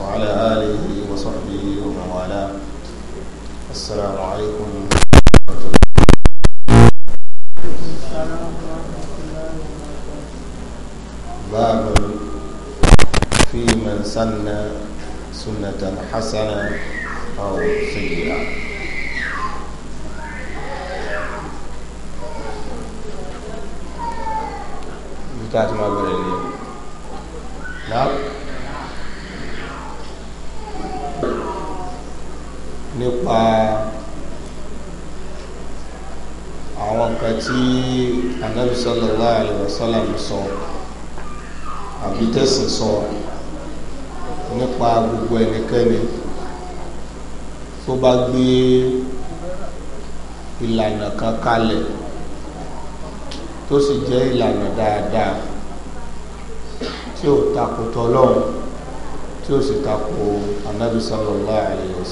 وعلى آله وصحبه وموالاه السلام عليكم باب في من سن سنة حسنة أو سيئة بتاعت ما بقول نعم nípa àwọn nǹkan tí anabi sallallahu alayhi wa sallam sọ àbí tẹ̀sán sọ nípa gbogbo ẹnikẹ́ni tó bá gbé ìlànà kan kalẹ̀ tó sì jẹ́ ìlànà dáadáa tí ó takò tọ́lọ́run tí ó sì takò anabi sallallahu alayhi wa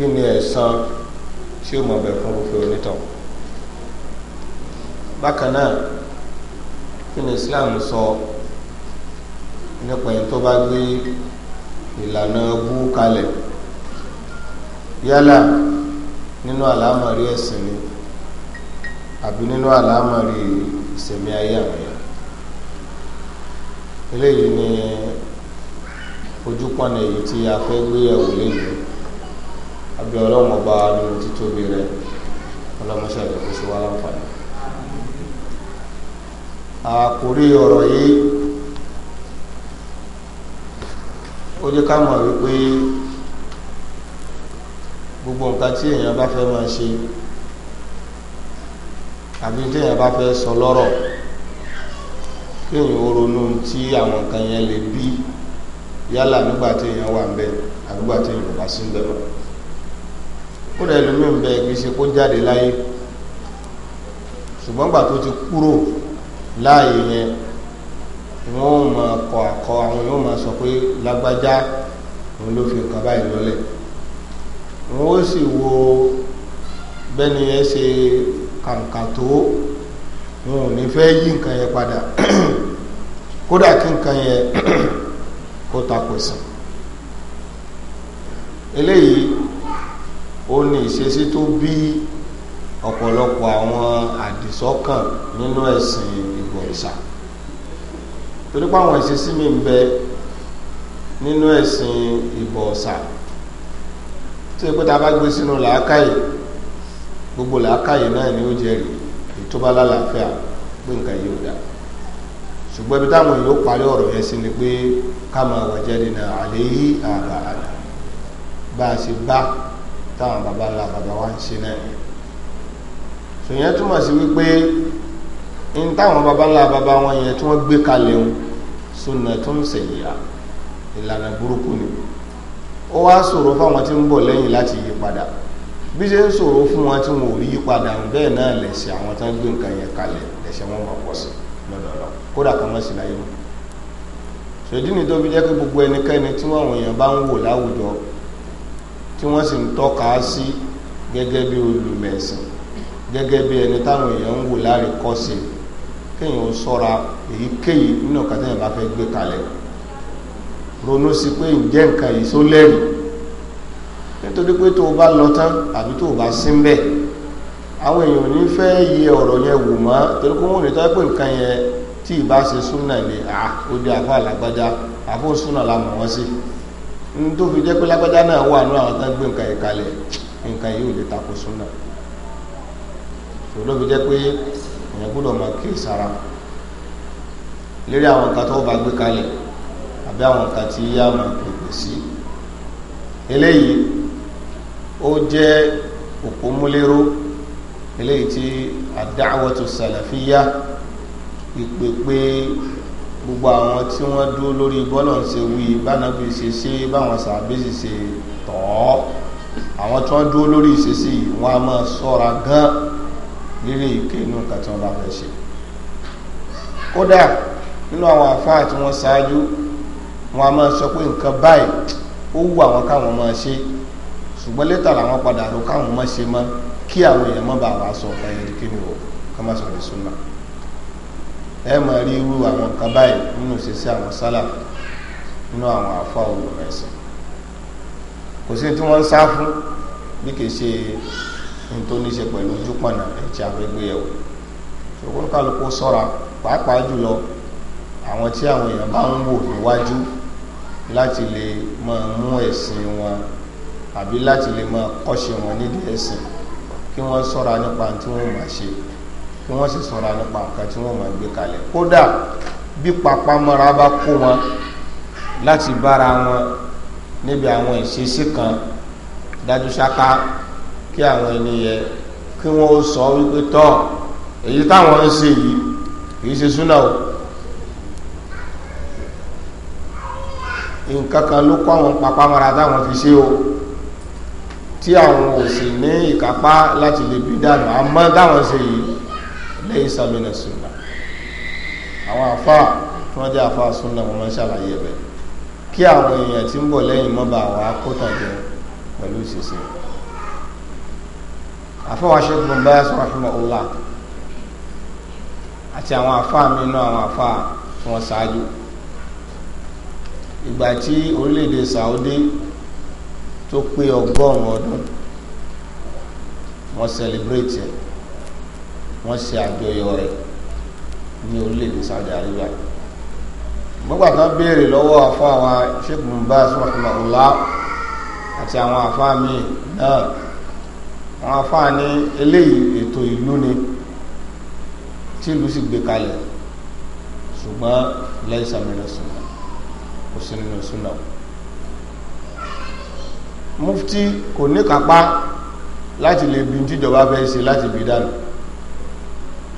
kí ni ẹ̀san tí ó mọ̀ bẹ̀ fún gbogbo onítàn bákan náà kí ni Islam sọ nípa ẹni tó bá gbé ìlànà bú kalẹ̀ yálà nínú àlámọ̀rí ẹ̀sìn ni àbí nínú àlámọ̀rí ìsẹ̀mí ayé àwọn eléyìí ni ojúpọ̀nà èyí tí a fẹ́ gbé ẹ̀wò lẹ́yìn gbé ọlọ́run ọba nínú títóbi rẹ, ọlọ́mọṣẹ́ rẹ̀ kó sí wá láǹfààní. àkórí ọ̀rọ̀ yìí ó jẹ́ ká mọ̀ wípé gbogbo nǹkan tí èèyàn bá fẹ́ máa ṣe àbí tí èèyàn bá fẹ́ sọ lọ́rọ̀ kí èèyàn ó ronú tí àwọn nǹkan kódà ẹlòmíì ń bẹ kì í ṣe kó jáde láyé ṣùgbọ́n gbà tó ti kúrò láàyè yẹn wọ́n máa kọ àkọ àwọn yóò máa sọ pé lágbájá òun ló fi nǹkan báyìí lọ́lẹ̀ wọ́n ó sì wo bẹ́ni yẹn ṣe kàǹkà tó wọn ò ní fẹ́ yí nǹkan yẹn padà kódà kí nǹkan yẹn kó takò sí eléyìí ó ní ìṣesí tó bí ọ̀pọ̀lọpọ̀ àwọn àdìsọ́kàn nínú ẹ̀sìn ìbọ̀rìṣà torí pé àwọn ìṣesí mi ń bẹ nínú ẹ̀sìn ìbọ̀ọ̀ṣà tí ó pé ta bá gbé sínú làákàyè gbogbo làákàyè náà ni ó jẹ́rìí ètò bá lálàáfíà pé nǹkan yìí ò dá ṣùgbọ́n ibi táwọn yóò parí ọ̀rọ̀ yẹn sí ni pé ká máa wà jáde náà àléyí àbà bá a ṣe bá táwọn baba ńlá baba wa ń ṣe náà sòyẹn túmọ̀ sí wípé n táwọn baba ńlá baba wọn yẹn tí wọ́n gbé kalẹ̀ ń sunna tó ń sẹ̀yà ìlànà burúkú ni ó wá ṣòro fáwọn tí ń bọ̀ lẹ́yìn láti yí padà bí ṣe ń ṣòro fún wọn tí wọn ò rí yí padà bẹ́ẹ̀ náà lẹ̀ṣẹ̀ àwọn tí wọ́n gbé nǹkan yẹn kalẹ̀ lẹ̀ṣẹ̀ wọn máa pọ̀ sí lọ́dọọdọ kódà kan mọ́ láyé wọn ṣèdí ni tó fi jẹ́ pé gbogbo ẹnikẹ́ni tí wọ́n àwọn èèyàn bá ń wò láwùjọ tí wọ́n sì ń tọ́ka sí gẹ́gẹ́ bí olùmẹ̀sìn gẹ́gẹ́ bí ẹni táwọn èèyàn ń wò láre kọ́sẹ̀ kéèyàn ó sọ́ra èyíkéyìí nínú ọ̀kan tẹ́yìn bá fẹ́ gbé kalẹ̀ ronú sí pé ǹjẹ́ nǹkan yìí só lẹ́rù nítorí pé tó o bá lọ tán àbí tó o bá sí ń bẹ̀ àwọn èèyàn ní fẹ́ yẹ ọ̀rọ̀ yẹn wò mọ́ torí pé wọ́n ò tọ́ pé nǹkan yẹn tí ì bá ṣe súnà ni à ó di àfọ àlàgbájá àfọ súnà la mọ̀ wọ́n sí. n tó fi jẹ́ pé lágbájá náà wà ní àwọn tán gbé nǹkan yìí kalẹ̀ nǹkan yìí ò lè tako súnà tó fi jẹ́ pé èèyàn gbọ́dọ̀ máa kí sára lérí àwọn nǹkan tó bá gbé kalẹ̀ àbí àwọn nǹkan tí yá máa pèpè sí eléyìí ó jẹ́ eléyìí tí ìpèpè gbogbo àwọn tí wọ́n dúró lórí bọ́lọ̀ ń ṣe wí bánabi ṣe ṣe báwọn sàbẹ́sì ṣe tọ̀ ọ́ àwọn tí wọ́n dúró lórí ìṣesí wọn a máa ṣọ́ra gan lílé ìké inú nǹkan tí wọ́n bá fẹ́ ṣe kódà nínú àwọn àfáà tí wọ́n ṣáájú wọn a máa sọ pé nǹkan báyìí ó wù àwọn káwọn máa ṣe ṣùgbọ́n létà làwọn padà ro káwọn máa ṣe mọ́ kí àwọn èèyàn má bàa wá sọ ọ̀gá yẹn kí ká má sọ ìṣúná ẹ mọ̀ rí irú àwọn nǹkan báyìí nínú ìṣesí àwọn sálà nínú àwọn àfa olùrọ̀ ẹ̀sìn kò sí tí wọ́n ń sá fún bí kì í ṣe ní tó ní ṣe pẹ̀lú ojú pọ̀nà ẹ̀jẹ̀ àfẹ́gbéyẹ̀wò ṣùgbọ́n kálukú sọ́ra pàápàá jùlọ àwọn tí àwọn èèyàn bá ń wò níwájú láti lè máa mú ẹ̀sìn wọn àbí láti lè máa kọ́ṣe wọn nídìí ẹ̀sìn kí wọ́n sọ́ra nípa tí wọ́n máa ṣe kí wọ́n sì sọ̀rọ̀ nípa nǹkan tí wọ́n máa gbé kalẹ̀ kódà bí papamọ́ra bá kó wọn láti bára wọn níbi àwọn ìṣesí kan dájú ṣáká kí àwọn ènìyàn kí wọ́n ó sọ wípé tọ́ èyí táwọn ń ṣe yìí kìí ṣe súnà o nǹkan kan ló kọ́ àwọn papamọ́ra táwọn fi ṣe o tí àwọn ò sì ní ìkápá láti lè bí dànù àmọ́ táwọn ṣe yìí lẹ́yìn sàmìnà súnà àwọn àfa tí wọ́n jẹ́ afa súnà wọn máa ṣàlàyé ẹ̀bẹ̀ kí àwọn èèyàn tí ń bọ̀ lẹ́yìn mọ́ bá wa kó tàjẹ pẹ̀lú ìṣẹ̀ṣẹ̀ àfọwọ́ aṣẹ́gun báyà sọ̀rọ̀ fún ọ̀la àti àwọn àfa mi náà àwọn àfa tí wọ́n ṣáájú ìgbà tí orílẹ̀-èdè Saudi tó pé ọgọ́rùn-ún ọdún wọ́n celebrate ẹ̀ wọ́n ṣe àjọyọ̀ rẹ̀ ní orílẹ̀-èdè Saudi Arabia nígbà tán béèrè lọ́wọ́ àfa àwọn Sheikh Mubaz rahimahullah àti àwọn àfa mi náà àwọn àfa ní eléyìí ètò ìlú ni tí ìlú sì gbé kalẹ̀ ṣùgbọ́n lẹ́yìn sàmìlẹ̀ sùnà kò sí nínú sùnà mufti kò ní kápá láti lè bí tíjọba fẹ́ ṣe láti bí dànù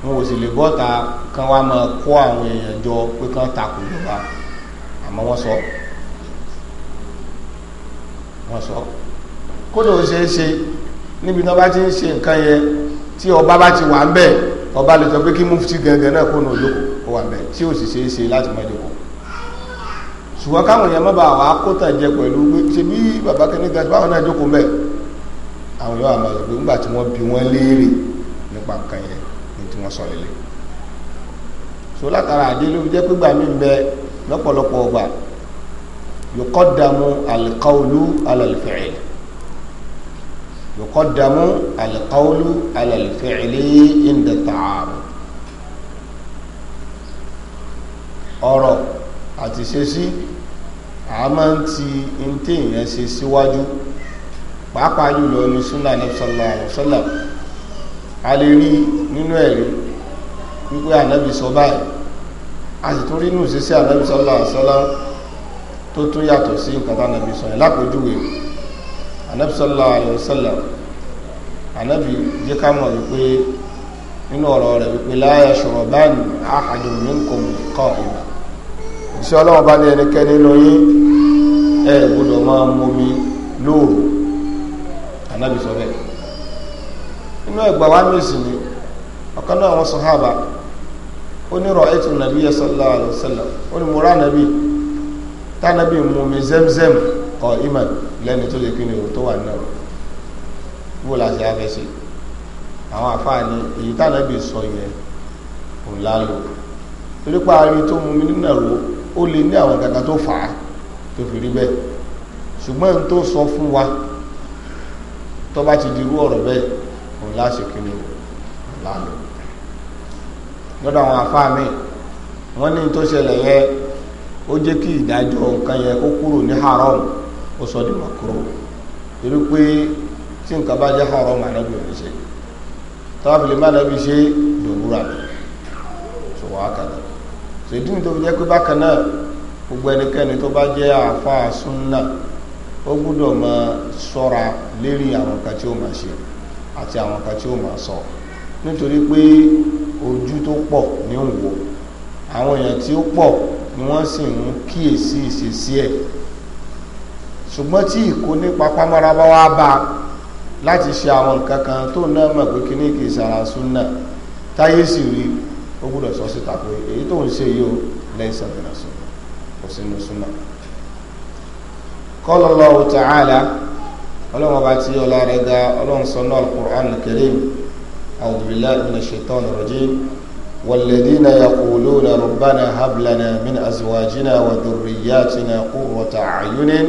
wọn ò sì lè bọ́ta kán wá máa kó àwọn èèyàn jọ pé kán takò ìjọba àmọ́ wọ́n sọ wọ́n sọ kódà ó ṣeé ṣe níbi tí bá ti ń ṣe nǹkan yẹn tí ọba bá ti wà ń bẹ̀ ọba lè sọ pé kí mufti gangan náà kó nà olóko ó wà ń bẹ̀ tí ó sì ṣeé ṣe láti mọ ìdókò ṣùgbọ́n káwọn èèyàn má bàa wà á kó tàn jẹ pẹ̀lú ṣe bí bàbá kẹ́ni gàdúrà báwọn náà jókòó mẹ́ àwọn yóò àmọ̀ ìgbà tí wọ́n bi wọ́n léèrè nípa nǹkan yẹn wọ́n sọ lélẹ̀ so látara àdé ló fi jẹ́ pé gbà mí ń bẹ lọ́pọ̀lọpọ̀ ọgbà yòkọ́dàmú alìkọ́ọ̀lù alàlìfẹ̀ẹ́lì yòkọ́dàmú alìkọ́ọ̀lù alàlìfẹ̀ẹ́lì ìndẹ̀tààrù ọ̀rọ̀ àti ṣesí a máa ń ti ntẹ́ yẹn ṣe síwájú pàápàá jùlọ ní sunnah nabi sallallahu alaihi rí nínú ẹ̀rí wípé ànábì sọ báyìí a sì tún rí inú tó tún yàtọ̀ sí nǹkan tá ànábì sọ yẹn lápòjúwe ànábì jẹ́ ká mọ̀ wípé nínú ọ̀rọ̀ rẹ̀ wípé láyà ṣọ̀rọ̀ báyìí àhàdùn mí kò kọ́ ìgbà ìṣẹ́ ọlọ́run bá ní ẹnikẹ́ni lóyún ẹ gbọ́dọ̀ máa mú mi lóòrùn ànábì bẹ́ẹ̀ inú ẹgbà wa mí sì ni ọ̀kan náà àwọn sọ̀hábà ó ní rọ̀ ètò nàbí yẹ sọ́lá àlùsọ́lá ó ní múra nàbí tánàbí mú mi zẹ́mzẹ́m ọ̀ ìmọ̀ lẹ́ni tó lè kí ni tó wà náà wó láti afẹ́sẹ̀ àwọn àfáàní èyí tánàbí sọ yẹn kò lálò torí parí tó mú mi nínú ẹ̀rọ ó lè ní àwọn kankan tó fà á tó fi rí bẹ́ẹ̀ ṣùgbọ́n tó sọ fún wa tó bá ti dirú ọ̀rọ̀ bẹ́ẹ̀ òun láṣẹ kí ni lálò lọ́dọ̀ àwọn afá mi wọ́n ní tó ṣẹlẹ̀ yẹ ó jẹ́ kí ìdájọ́ nǹkan yẹ kó kúrò ní haram ó sọ di makro torí pé tí nǹkan bá jẹ́ haram ànábì ò ní ṣe tábìlì má nàbì ṣe dòwúrà mi tó wàá kàdà ṣèdí tó fi jẹ́ pé bákan náà gbogbo ẹnikẹ́ni tó bá jẹ́ àfa súnà ó gbúdọ̀ máa ṣọ́ra lérí àwọn kan tí ó máa ṣe àti àwọn kan tí ó máa sọ. So nítorí pé ojú tó pọ̀ ní òwò àwọn èèyàn tí ó pọ̀ ni wọ́n sì ń kíyèsí ìṣesí ẹ̀ ṣùgbọ́n tí ìkó nípa pamọ́ra bá wá bá láti ṣe àwọn nǹkan kan tó náà mọ̀ pé kíní kì í sara súnà táyé sì rí ó gbọ́dọ̀ sọ síta pé èyí tó ń ṣe yìí ó lẹ́yìn sàbẹ̀rẹ̀ súnà kò sínú súnà. Qala Allahu ta'ala ọlọ́run ọba tí ọlá rẹ̀ ga ọlọ́run sọ náà Al-Qur'an Al-Karim أعوذ بالله من الشيطان الرجيم والذين يقولون ربنا هب لنا من أزواجنا وذرياتنا قرة أعين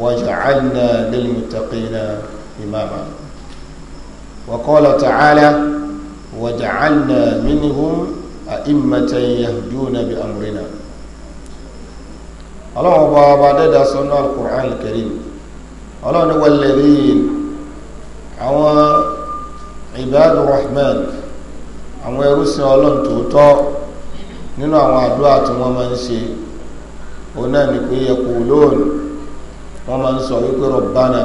واجعلنا للمتقين إماما وقال تعالى وجعلنا منهم أئمة يهدون بأمرنا الله بابا دادا سنة القرآن الكريم الله والذين àwọn ibadu rahman àwọn ẹrúsìn ọlọ́run tòótọ́ nínú àwọn àdúrà tí wọ́n máa ń ṣe òun náà ni pé ẹkù lóòrùn wọ́n máa ń sọ wípé rọ̀bánà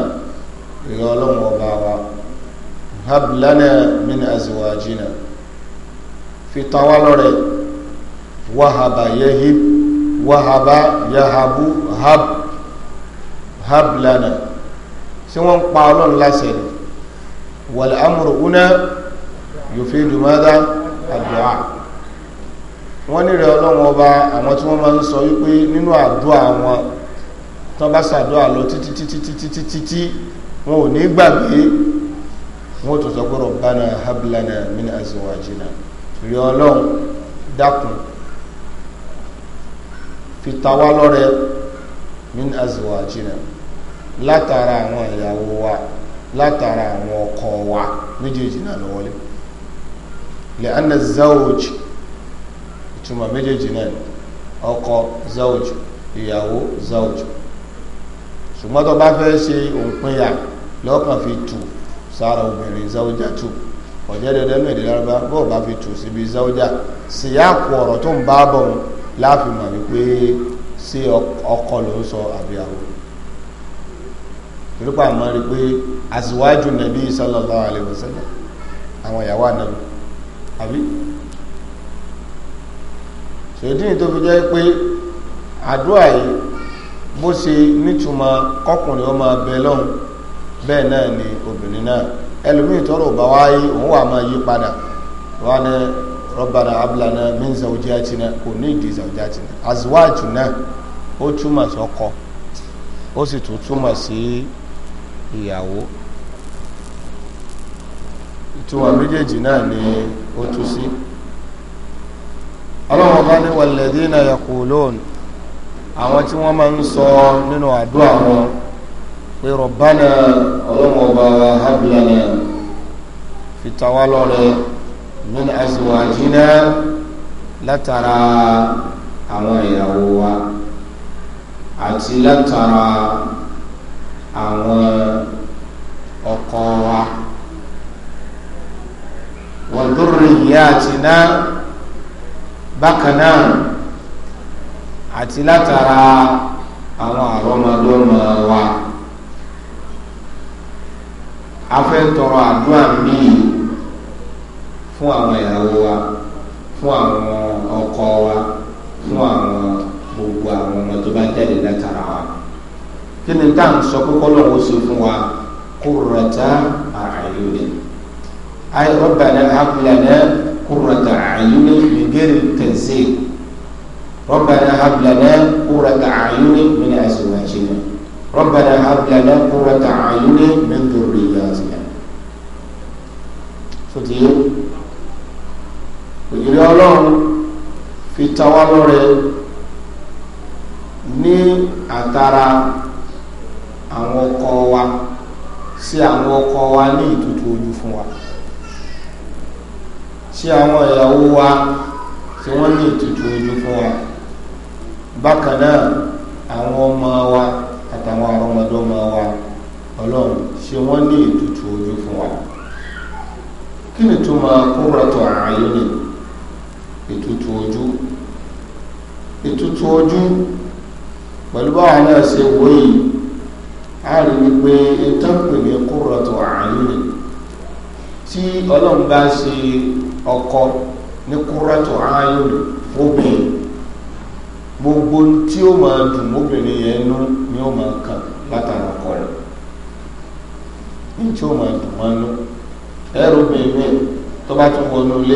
ìrọ̀ ọlọ́run ọba wa hablana min azwajina fitawa lọ́rẹ̀ wahaba yahib wahaba yahabu hab hablana tí wọ́n ń pa ọlọ́run láṣẹ ni والأمر هنا يفيد ماذا الدعاء wọ́n nílẹ̀ ọlọ́run ọba àwọn tí wọ́n máa ń sọ wípé nínú àdúrà wọn tán bá ṣàdúrà lọ títí títí títí títí wọn ò ní gbàgbé wọn tó sọ pé Rabbana hablana min azwajina rí ọlọ́run dákun fi ta wá lọ́rẹ min azwajina látara àwọn ìyàwó wa látara àwọn ọkọ wa méjèèjì náà ló wọlé lè anna zawj ìtumọ̀ méjèèjì náà ọkọ zawj ìyàwó zawj ṣùgbọ́n tó bá fẹ́ ṣe òǹpinya lọ́kàn fi tù sára obìnrin zawja tù ọ̀jẹ́ dandan ní èdè lárúbá bó o bá fi tù síbi zawja síyáàkù ọ̀rọ̀ tó ń bá bọ̀ láàfin mọ̀ wípé ṣé ọkọ ló ń sọ àbí torípa àmọ́ rí pé aṣíwájú nàbí sallallahu alaihi wasallam àwọn ìyàwó ànábì àbí ṣèdí tó fi jẹ́ pé àdúrà yìí bó ṣe nítumọ̀ kọkùnrin ó máa lọ́hùn bẹ́ẹ̀ náà ni obìnrin náà ẹlòmíì tọrọ bá wáyé òun wà máa yí padà wà ní rabbana ablana min zawjatina kò ní ìdí zawjatina aṣíwájú náà ó túmọ̀ sọ́kọ ó sì tún túmọ̀ sí ìyàwó ìtumọ̀ méjèèjì náà ni ó tú sí ọlọ́wọ́n bá ní walladhina yaqulun àwọn tí wọ́n máa ń sọ nínú àdúrà wọn pé rabbana ọlọ́wọ́n bá hab lana fìtàwálọ́rẹ̀ min azwajina látara àwọn ìyàwó wa àti látara àwọn ọkọ wa wa dhurriyatina bákan náà àti látara àwọn àrọmọdọ́mọ wa a fẹ́ tọrọ àdúrà míì fún àwọn ìyàwó wa fún àwọn ọkọ wa fún àwọn gbogbo àwọn ọmọ tó bá jáde látara wa kí ni tá à ń sọ pé kọ́lọ́wọ́ ṣe fún wa qurrata a'yunin ay rabbana hab lana qurrata a'yunin min ghairi tanzih rabbana hab lana qurrata a'yunin min azwajina rabbana hab lana qurrata a'yunin min dhurriyyatina. sotí òjìlẹ ọlọ́run fi tawá lọ́rẹ ní àtàrà àwọn ọkọ wa ṣe àwọn ọkọ wa ní ìtutù ojú fún wa ṣe àwọn ìyàwó wa tí wọ́n ní ìtutù ojú fún wa bákan náà àwọn ọmọ wa àtàwọn àrọmọdọ́mọ wa ọlọ́run ṣe wọ́n ní ìtutù ojú fún wa kí ni tó máa kúrọ̀tọ̀ ààyè ni ìtutù ojú ìtutù ojú pẹ̀lú báwa náà ṣe wòye a rí wípé ìtọ́pẹ̀ ní qurratu a'yun tí ọlọ́run bá ṣe ọkọ ní qurratu a'yun obìnrin gbogbo tí ó máa dùn obìnrin yẹn nú ni ó máa kàn látara ọkọ rẹ̀ ní ó máa dùn máa ẹrù obìnrin tó bá tún wọnú ilé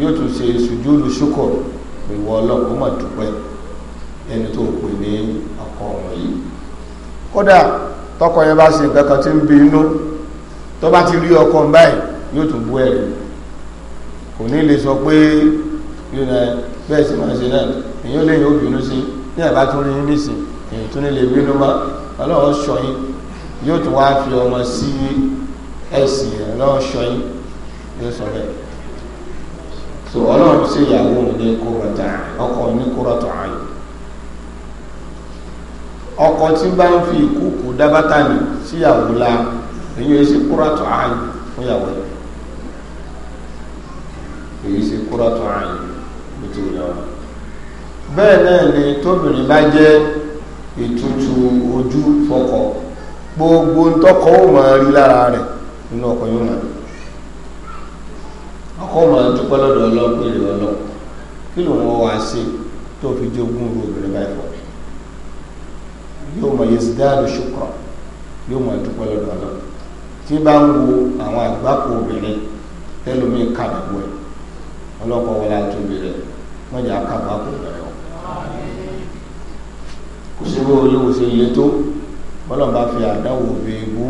yóò tún ṣe sùjúdù ṣúkọ̀ ìwọ ọlọ́run ó mà dúpẹ́ ẹni tó pè ní ọkọ tọkọ yẹn bá ṣe nǹkan kan tí ń bi inú tó bá ti rí ọkọ báyìí yóò tún bú ẹ̀rí kò ní lè sọ pé bẹ́ẹ̀ sì máa ṣe náà èyí ó lè yóò bínú sí ní ẹ̀bá tún rí nísìn èyí tún ní lè bínú bá ọlọ́run ṣọyìn yóò tún wá fi ọmọ sí ẹ̀sìn ọlọ́run ṣọyìn yóò sọ bẹ́ẹ̀ so ọlọ́run ṣe ìyàwó ní kúrọ̀tà ọkọ ní kúrọ̀tà ayò ọkọ tí bá ń fi ìkúùkù dábàtà ní síyàwó la èyí ò ṣe kúrọ̀tù ààyè fún ìyàwó ẹ̀ èyí ṣe kúrọ̀tù ààyè nítorí ọ̀rọ̀ bẹ́ẹ̀ náà ni tóbìnrin bá jẹ́ ìtutù ojú fọkọ gbogbo ntọ́kọ ó máa rí lára rẹ̀ nínú ọkọ yóò máa rí ọkọ máa dúpẹ́ lọ́dọ̀ ọlọ́pẹ̀rẹ̀ ọlọ́ kí ló ń wọ́n wá sí tó fi jogún obìnrin báyìí fọ yóò mọ̀ yezidaalu ṣukọ̀ yóò mọ̀ ẹ̀dúpẹ́ lọ́dọ̀ ọlọ́ tí bá ń wo àwọn àgbákò obìnrin tẹ́lómi kàdàbọ̀ ẹ̀ ọlọ́kọ̀ wọlé àtúbí rẹ̀ wọ́n yà á kàbákò bẹ̀rẹ̀ o kò sí bó olówó ṣe yé tó bọ́lọ̀ bá fi àdáwò fi ibú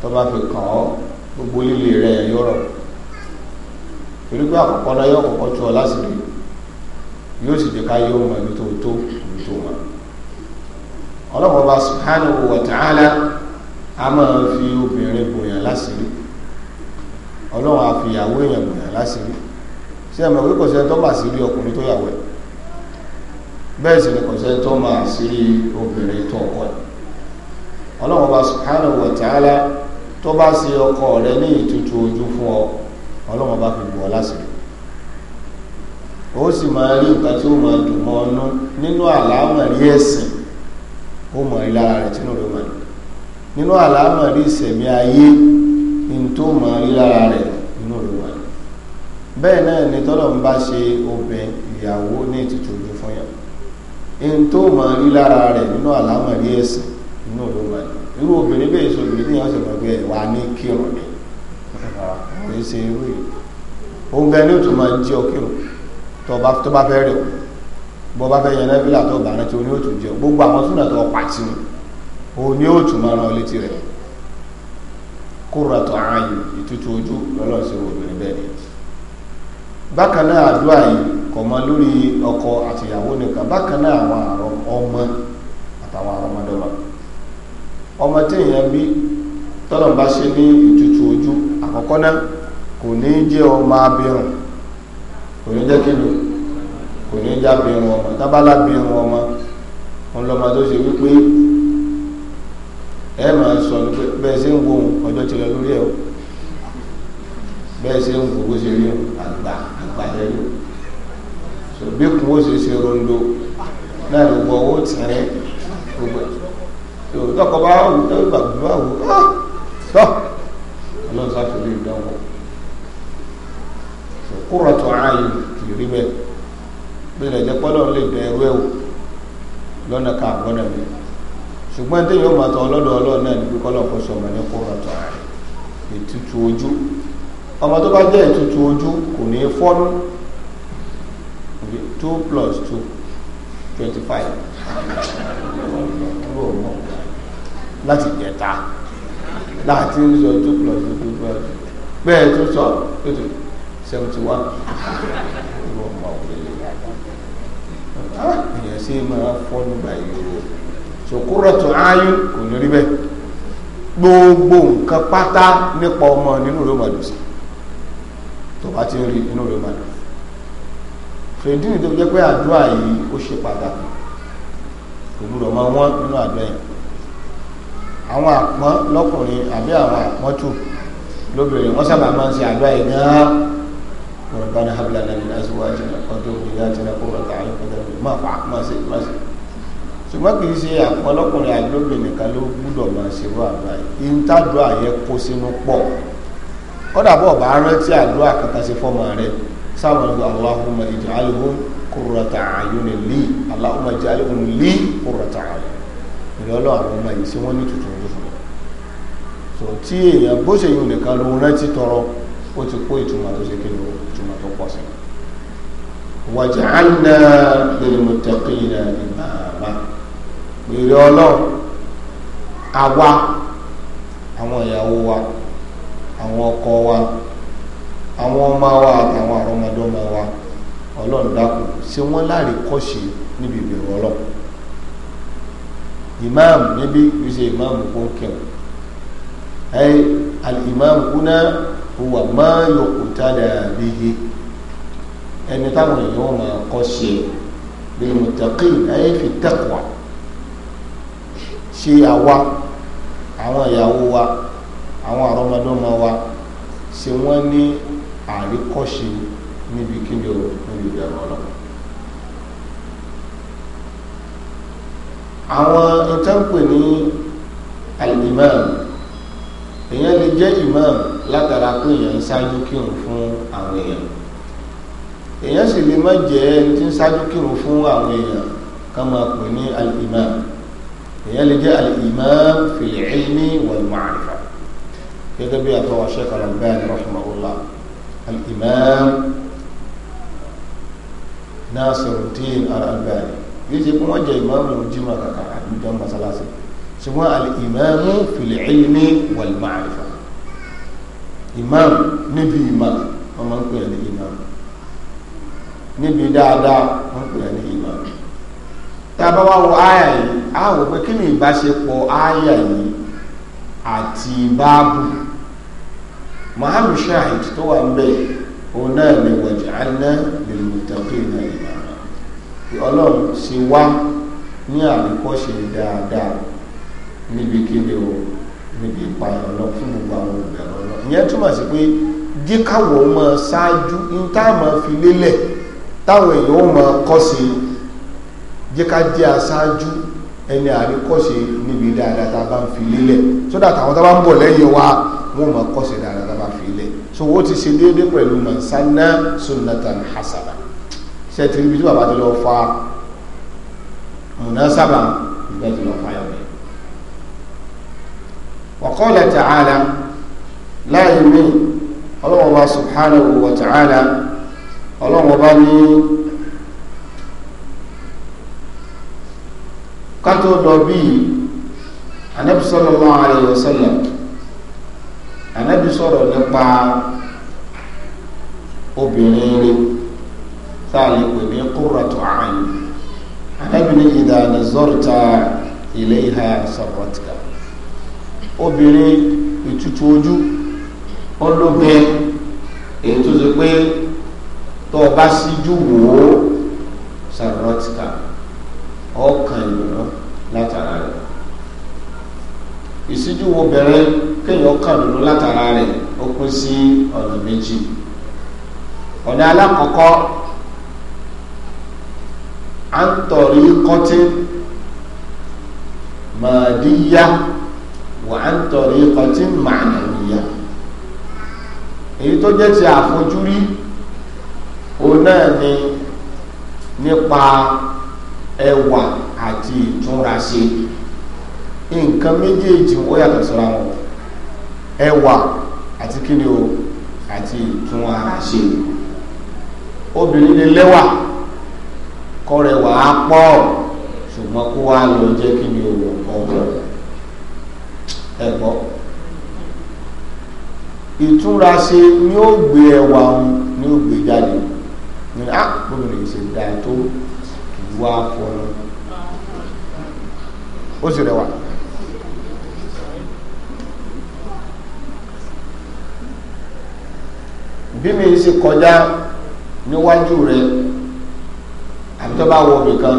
tó bá fi kàn ọ́ gbogbo líle rẹ̀ yọ̀rọ̀ torí àkọ́kọ́ náà yóò kọ́kọ́ tó ọ lásìkò yóò sì jẹ́ ká yóò mọ ibi tó tó ibi tó mọ̀ ọlọ́run ọba subhanahu wa ta'ala a máa fi obìnrin bòyàn láṣìírí ọlọ́run àfìyàwó èèyàn bòyàn láṣìírí ṣé ẹ̀mọ̀ pé kò sẹ́ni tó máa ṣírí ọkùnrin tó yàwó ẹ̀ bẹ́ẹ̀ sì ni kò sẹ́ni tó máa ṣírí obìnrin tó ọkọ ẹ̀ ọlọ́run ọba subhanahu wa ta'ala tó bá ṣe ọkọ rẹ ní ìtutù ojú fún ọ ọlọ́run ọba fi bò ọ láṣìírí ó sì máa rí nǹkan tí ó máa dùn mọ́ ọ nínú àlámọ̀rí ẹ̀sìn ó mọ̀ rí lára rẹ̀ tínú rẹ̀ mọ̀ nínú àlámọ̀ rí ìsẹ̀mí ayé ní tó mọ̀ rí lára rẹ̀ nínú rẹ̀ mọ̀ bẹ́ẹ̀ náà ni tọ́lọ̀ ń bá ṣe obìnrin ìyàwó ní ìtìtò ojú fún yàn ní tó mọ̀ rí lára rẹ̀ nínú àlámọ̀ rí ẹ̀sìn nínú rẹ̀ mọ̀ irú obìnrin bẹ́ẹ̀ sọ obìnrin ní ìyàwó sọ̀rọ̀ wà ní kírun ni kò ṣe irú yìí òun gan ni ó tún máa ń jẹ́ ọkírun tó bá fẹ́ rẹ̀ òun bọ́ bá fẹ́ yẹn nẹ́fìlà tó bá jẹ gbogbo àwọn súnà tó pa sí o ní òtún máa ran létí rẹ̀ qurratu a'yun ìtútù ojú lọ́lọ́sẹ̀ obìnrin bẹ́ẹ̀ ni bákan náà àdúrà yìí mọ lórí ọkọ àtìyàwó nìkan bákan náà àwọn àrọ ọmọ ọmọ téèyàn bí tọ́lọ̀ bá ṣe ní ìtútù ojú àkọ́kọ́ náà kò ní jẹ́ ọmọ abirùn kò ní já bí irun ọmọ tábàlà bí irun ọmọ òun lọmọ tó ṣe wípé ẹ máa sọ ní pé bẹ́ẹ̀ ṣe ń wo ọjọ́ ti lọ lórí ẹ̀ o bẹ́ẹ̀ ṣe ń wo bó ṣe rí àgbà àgbà lẹ́yìn so bí kún ó ṣe ṣe rondo náà ló gbọ́ owó tìrín gbogbo so tọkọ bá wù tó gbàgbé bá wù ah, tọ́ ọlọ́run sáfẹ́ lè dánwò kúrọ̀tọ̀ ààyè kì rí bẹ́ẹ̀ bí ilẹ̀ jẹ́ pọ́lọ́ lè dẹ ẹrú ẹ̀wò lọ́nà ká àgbọ́nà mi ṣùgbọ́n tí yóò máa tọ ọlọ́dọ̀ ọlọ́ọ̀ náà ní kíkọ́ lọ́kọ́ sọ ọmọ ní kó rọ̀tọ̀ ìtutù ojú ọmọ tó bá jẹ́ ìtutù ojú kò ní fọ́nú two plus two twenty five láti jẹta láti ń sọ two plus two twenty five bẹ́ẹ̀ tó sọ seventy one. ṣe máa fọ́nù báyìí o ṣòkúrọ̀tù ayún kò ní rí bẹ́ẹ̀ gbogbo nǹkan pátá nípa ọmọ nínú ló máa dùn sí tó bá ti rí inú ló máa dùn fèdínì tó jẹ́ pé àdúrà yìí ó ṣe pàtàkì kò gbúdọ̀ máa wọ́n nínú àdúrà yìí àwọn àpọ́n lọ́kùnrin àbí àwọn àpọ́n tù lóbìnrin wọ́n sábà máa ń ṣe àdúrà yìí gan-an rabbana hab lana min azwajina wa dhurriyyatina qurrata a'yun máa fà máa ṣe máa ṣe ṣùgbọ́n kì í ṣe ọlọ́kùnrin àgbóbìn nìkan ló gbúdọ̀ máa ṣe wà báyìí ìntàdúrà yẹ kó sínú pọ̀ kódà bọ̀ bá rántí àdúrà kàtà sí fọ́mọ rẹ sáwọn ọgbà Allahumma ij'alhum qurrata a'yunin li Allahumma ij'alhum li qurrata a'yun ìlọ́lọ́ àwọn ọmọ yìí sí wọ́n ní tuntun ojú fún so tí èèyàn bó ṣe yìí nìkan ló rántí tọrọ ó ti kó ìtumọ̀ tó ṣe kí ni ìtumọ̀ tó pọ̀ sí i وجعلنا للمتقين إماما pèrè ọlọ́run àwa àwọn ìyàwó wa àwọn ọkọ wa àwọn ọmọ wa àtàwọn àrọmọdọ́mọ wa ọlọ́run dákun ṣé wọ́n láre kọ́ṣe níbi ìbẹ̀rù ọlọ́run imam níbi kì í ṣe imam ẹ al kúnà huwa máa yọkùtà dàbí yìí ẹni táwọn èèyàn máa kọ́ ṣe bilmuttaqin ayé fi taqwa ṣe àwa àwọn ìyàwó wa àwọn àrọmọdọ́mọ wa ṣe wọ́n ní àríkọ́ṣe níbi kíni o níbi ìbẹ̀rù ọlọ́run àwọn ìtànpè ní al-imam èèyàn lè jẹ́ imam látara pé èèyàn ń ṣáájú kírun fún àwọn èèyàn èèyàn sì lè má jẹ́ ẹni tí ń ṣáájú kírun fún àwọn èèyàn ká máa pè ní al-imam èèyàn lè jẹ́ al-imam fil ilmi wal ma'rifa gẹ́gẹ́ bí àtọwà Sheikh Al-Albani rahimahullah al-imam Nasiruddin Al-Albani yìí ti kún wọ́n jẹ́ ìmáàmù jimá kàkà àdúgbò masalasi ṣùgbọ́n al-imam fil ilmi wal ma'rifa imam níbi imam wọ́n máa ń pè ní imam níbi dáadáa wọ́n pè é ní ìmọ̀ tá a bá wá wo àyà yìí á wò pé kí ni ìbáṣepọ̀ àyà yìí àti báàbù muhammed shahid tó wà ń bẹ̀ òun náà ni waj'alna lil muttaqina imama ọlọ́run ṣe wá ní àríkọ́ṣe dáadáa níbi kíni o níbi ìpayà ọlọ́ fún gbogbo àwọn olùbẹ̀rẹ̀ ọlọ́ ìyẹn túmọ̀ sí pé díkàwọ̀ mọ́ ṣáájú ní táàmù fi lélẹ̀ táwọn èèyàn ó máa kọ́ṣe jẹ́ ká jẹ́ aṣáájú ẹni àríkọ́ṣe níbi dáadáa tá a bá ń fi lélẹ̀ sódà táwọn tá a bá ń bọ̀ lẹ́yìn wa wọ́n máa kọ́ṣe dáadáa tá a bá fi lélẹ̀ so wọ́n ti ṣe déédéé pẹ̀lú mansanna sunnatan hasana ṣètì ibi tí bàbá ti lọ fa munasaba ìgbà tí lọ fa yọ̀ mí. wa qala ta'ala láàyè mi ọlọ́wọ́ wa subhanahu wa ta'ala. ọlọ́run bá ní kátó lọ bíi anabi sallallahu alayhi wa sallam anabi nípa obìnrin rẹ̀ pè ní ní obìnrin ìtutù ojú pé. tó o bá síjú wò ó sàrọ́tìkà ọkàn ìrònú látara rẹ̀ ìsíjú wo bẹ̀rẹ̀ kéèyàn kàn lónú látara rẹ̀ ó pín sí ọ̀nà méjì ọ̀nà alákọ̀ọ́kọ́ à ń tọ̀rí kọ́tí màdíyá wà á ń tọ̀rí kọ́tí mànàmíyá èyí tó jẹ́ ti àfojúrí ona náà ni nípa ẹwà àti ìtúnraṣe nǹkan méjèèjì ó yàtọ̀ síra wọn ẹwà àti kíni o àti ìtúnraṣe obìnrin lè lẹ́wà kọrẹwà á pọ̀ ṣùgbọ́n kó wá lọ jẹ́ kíni o ọ̀rọ̀ ẹ̀gbọ́ ìtúnraṣe ni ó gbé ẹwà ni ó gbé jáde mi ah gómìnà yìí ṣe dáa tó kì í wá fọnù ó sì rẹwà. bí mi ṣe kọjá níwájú rẹ àbí tó bá wọ nìkan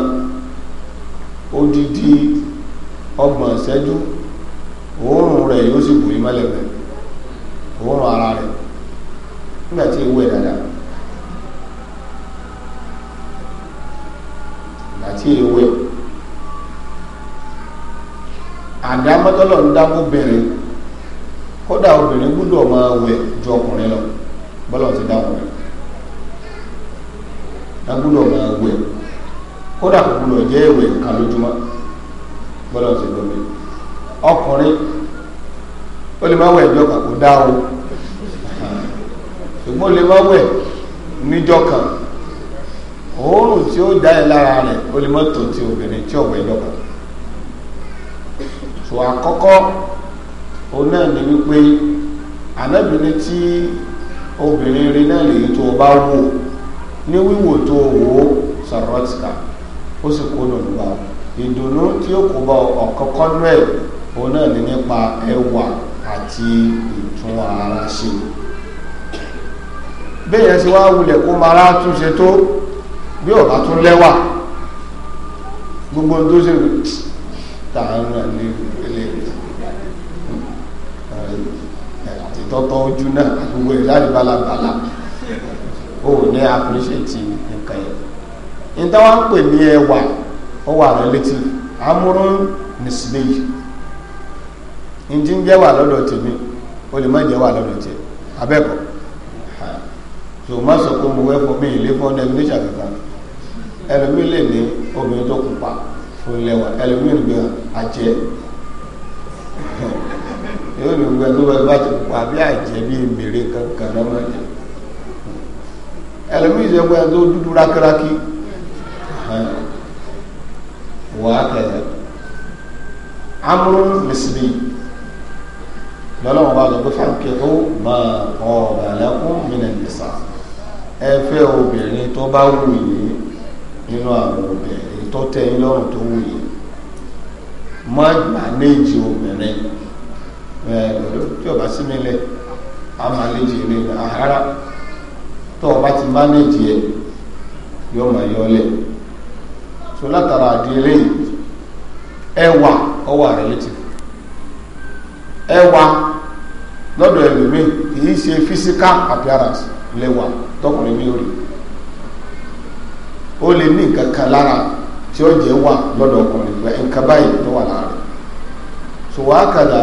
odidi ọgbọ̀n ìṣẹ́jú òórùn rẹ̀ yóò sì bù í mọ́lẹ̀ rẹ̀ òórùn ara rẹ̀ nígbà tí ewu ẹ̀ dáadáa. tí èwe àdámọ́tọ́lọ̀ ń dámú bẹ̀rẹ̀ kódà obìnrin gbúdọ̀ máa wẹ̀ ju ọkùnrin lọ bọ́lọ̀ ti dáhùn rẹ̀ dágbúdọ̀ máa wẹ̀ kódà gbúdọ̀ jẹ́ ìwẹ̀ kan lójúmọ́ bọ́lọ̀ ti dọ̀mí ọkùnrin ó lè má wẹ̀ ẹjọ́ kan kó dá o ṣùgbọ́n ó lè má wẹ̀ níjọ́ kan òórùn tí ó dá ẹ lára rẹ̀ ó lè mọ́tò tí obìnrin tí ọ̀wẹ́ lọ́kọ̀ tó àkọ́kọ́ òun náà ni wípé ànábìnrin tí obìnrin rí náà lèyí tó o bá wò ní wíwò tó o wò sọ̀rọ̀tìkà ó sì kó lòlù bá o ìdùnnú tí ó kó bá ọ̀kọ́kọ́ nú ẹ̀ òun náà ni nípa ẹwà àti ìtún ara ṣe bẹ́ẹ̀ yẹn ti wá wulẹ̀ kó mara túnṣe tó bí ọ̀rá tún gbogbo tó ṣe tààrà ní ilé àti ojú náà gbogbo ìlànà balabala ó ní apíríṣẹ́tì nǹkan yẹn ní táwọn ń pè ní ẹwà ó wà nìsílẹ̀ yìí ń lọ́dọ̀ tèmi ó lè má lọ́dọ̀ tèmi abẹ́kọ̀ọ́ má sọ pé mo wẹ́ fún mi ìlé fún ẹlòmí lè ní obìnrin tó pupa olùlẹ̀wà ẹlòmí ìgbẹ́ àjẹ́ yóò ní gbẹ tó bẹ bá ti pupa bí àjẹ́ bí mèrè kankan náà máa jẹ ẹlòmí ìṣẹ́gbẹ́ tó dúdú rákírákí wà á kẹ̀lẹ́ amúrú mẹsìlì lọ́lọ́wọ́n bá lọ pé fáńkì ó máa ọ̀ọ́dà lẹ́kún mí nà nìsa ẹ fẹ́ obìnrin tó bá wù yìí. nínú àwọn ọbẹ̀ ètò tẹ́yìn lọ́rùn tó wù yìí má mànéjì obìnrin tí ọba sí mi lẹ a mànéjì mi àhárá tó ọba ti ma ẹ yóò máa yọ lẹ so látara àdìrẹ ẹwà ọwà relative ẹwà lọ́dọ̀ ẹlòmíì kì í ṣe physical appearance lẹ́wà tọkùnrin mi ò rí. o lè ní nǹkan kan lára tí ó jẹ́ wà lọ́dọ̀ ọkùnrin pé nǹkan báyìí tó wà lára so kàdà